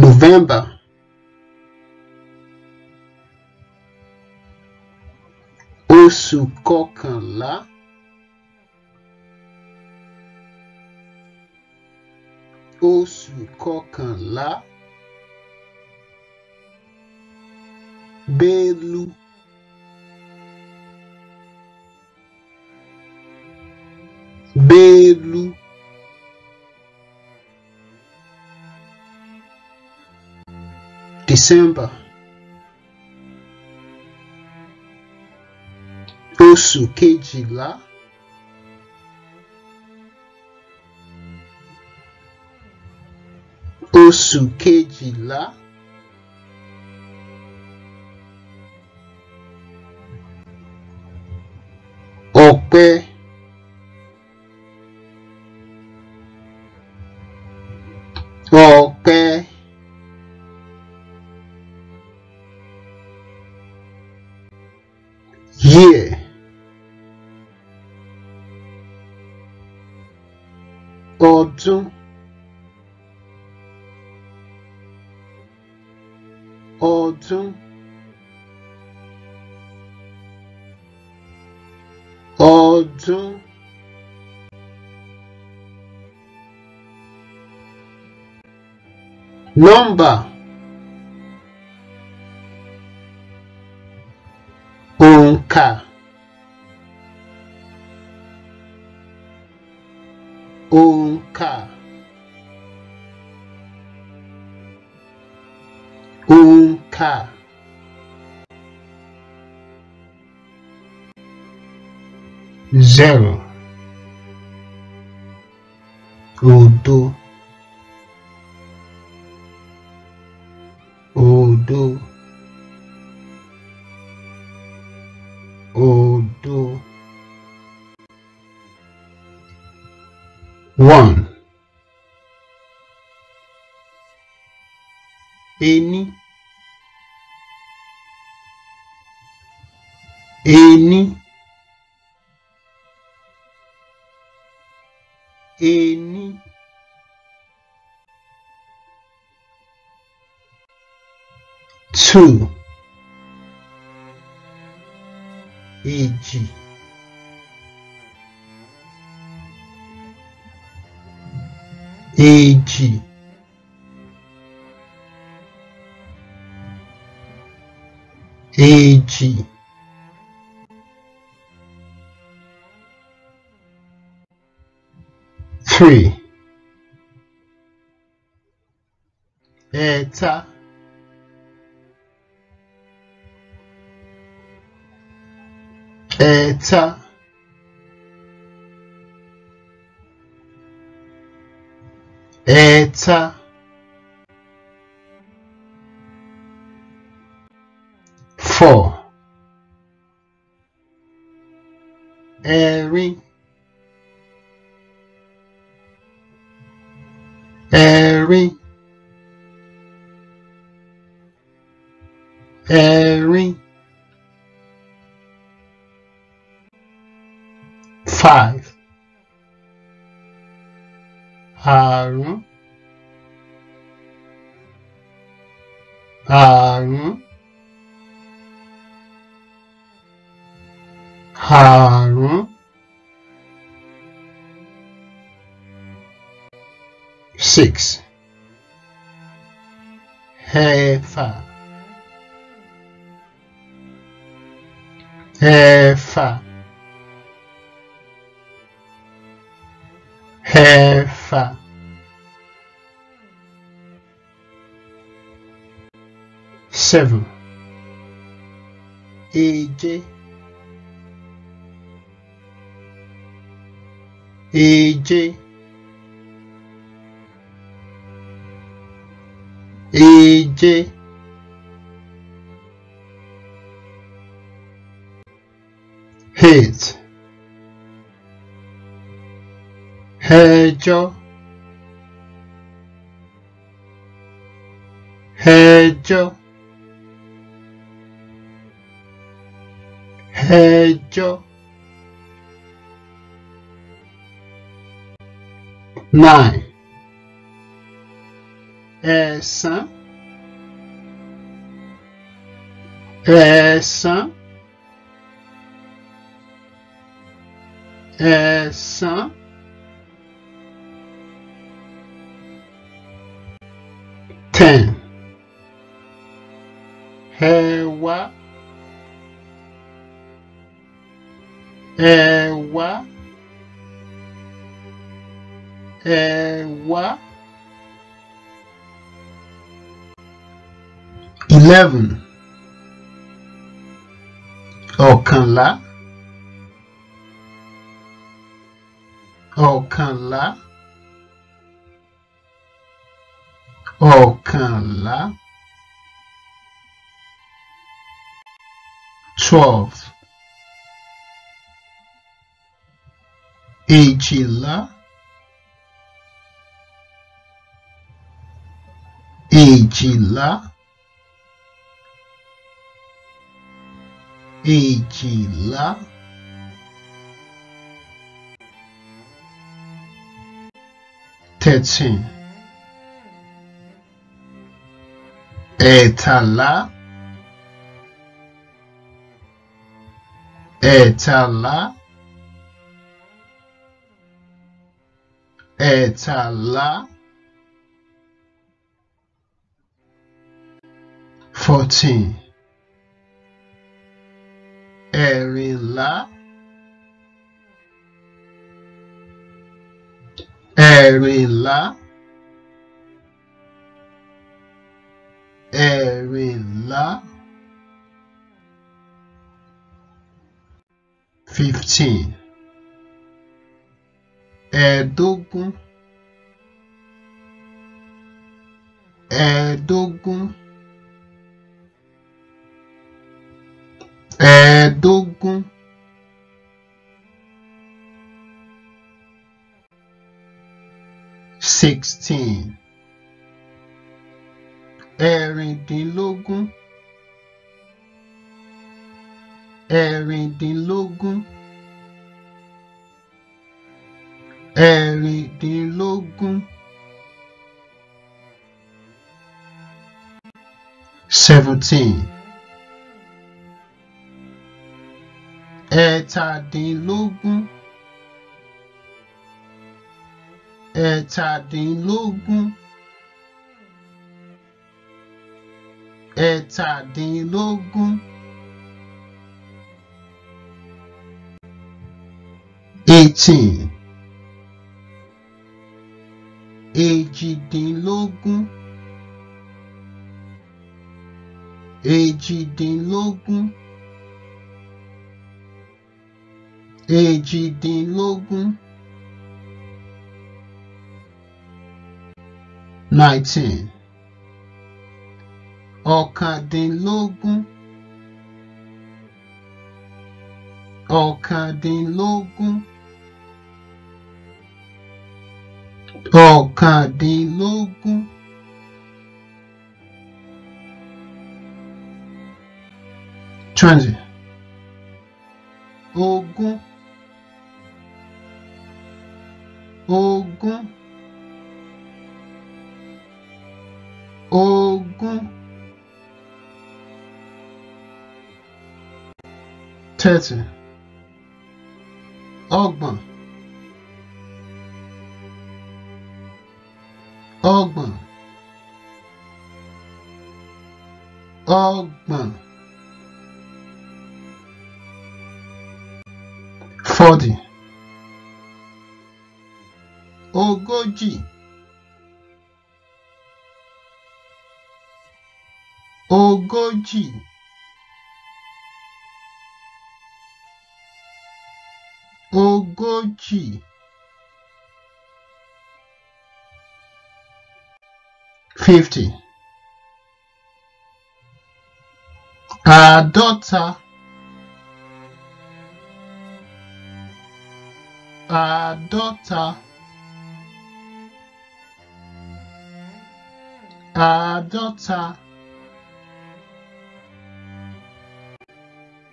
November oṣù kọkànlá oṣù kọkànlá. belo belo December oṣù kejìlá oṣù lá T number one òǹkà òǹkà zero òdo. ení ení ení two èjì eg. tree Every Five. Aaron. Aaron. Harun. Six. Heifer. ré, fá, é, Seven. Ege. Ege. hate hecho hecho hecho nine essa essa essa eh, tem régua égua égua eleven ọ̀kànlá. ọ̀kànlá ọ̀kànlá twelve èjìlá èjìlá èjìlá. 13 Etala Etala Etala 14 Erinla ẹ̀rìnlá ẹ̀rìnlá fifteen ẹ̀ẹ́dógún ẹ̀ẹ́dógún ẹ̀ẹ́dógún. sixteen ẹ̀rìndínlógún ẹ̀rìndínlógún ẹ̀rìndínlógún seventeen ẹ̀tàdínlógún. é, Tadim Lugo. Eighteen. A Tadim Lugo. Eighteen. Èjìdínlógún. Èjìdínlógún. Èjìdínlógún. nineteen ọ̀kàndínlógún ọ̀kàndínlógún ọ̀kàndín Tete, Ogma, Ogma, Ogma, Forty, Ogoji, Ogoji. ogóci. Fifty. daughter. Àádọ́ta. daughter.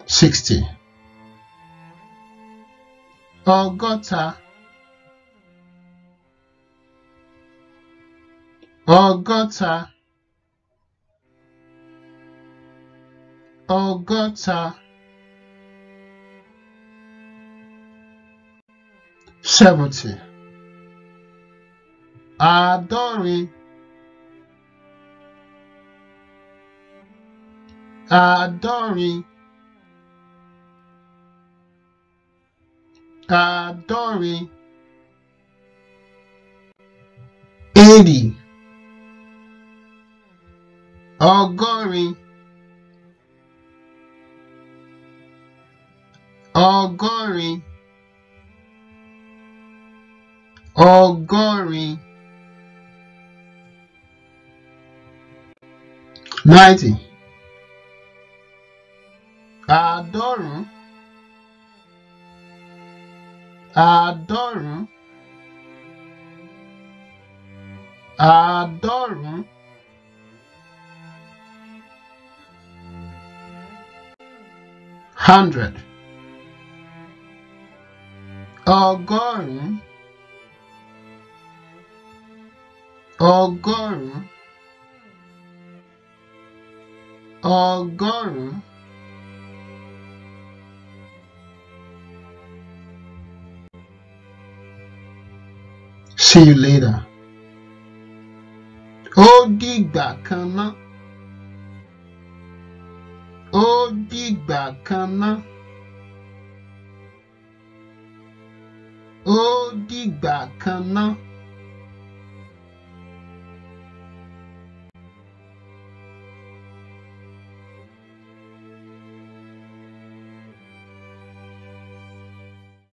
Sixty ọgọ́ta ọgọ́ta ọgọ́ta seventy àádọ́rin àádọ́rin. uh, Dory, 80, Ogori, Ogori, Ogori, 90, Adorun, àádọ́rùn-ún àádọ́rùn-ún hundred ọgọ́rùn-ún ọgọ́rùn-ún ọgọ́rùn-ún. See you later. Ó dìgbà kan ná. Ó dìgbà kan ná. Ó dìgbà kan ná.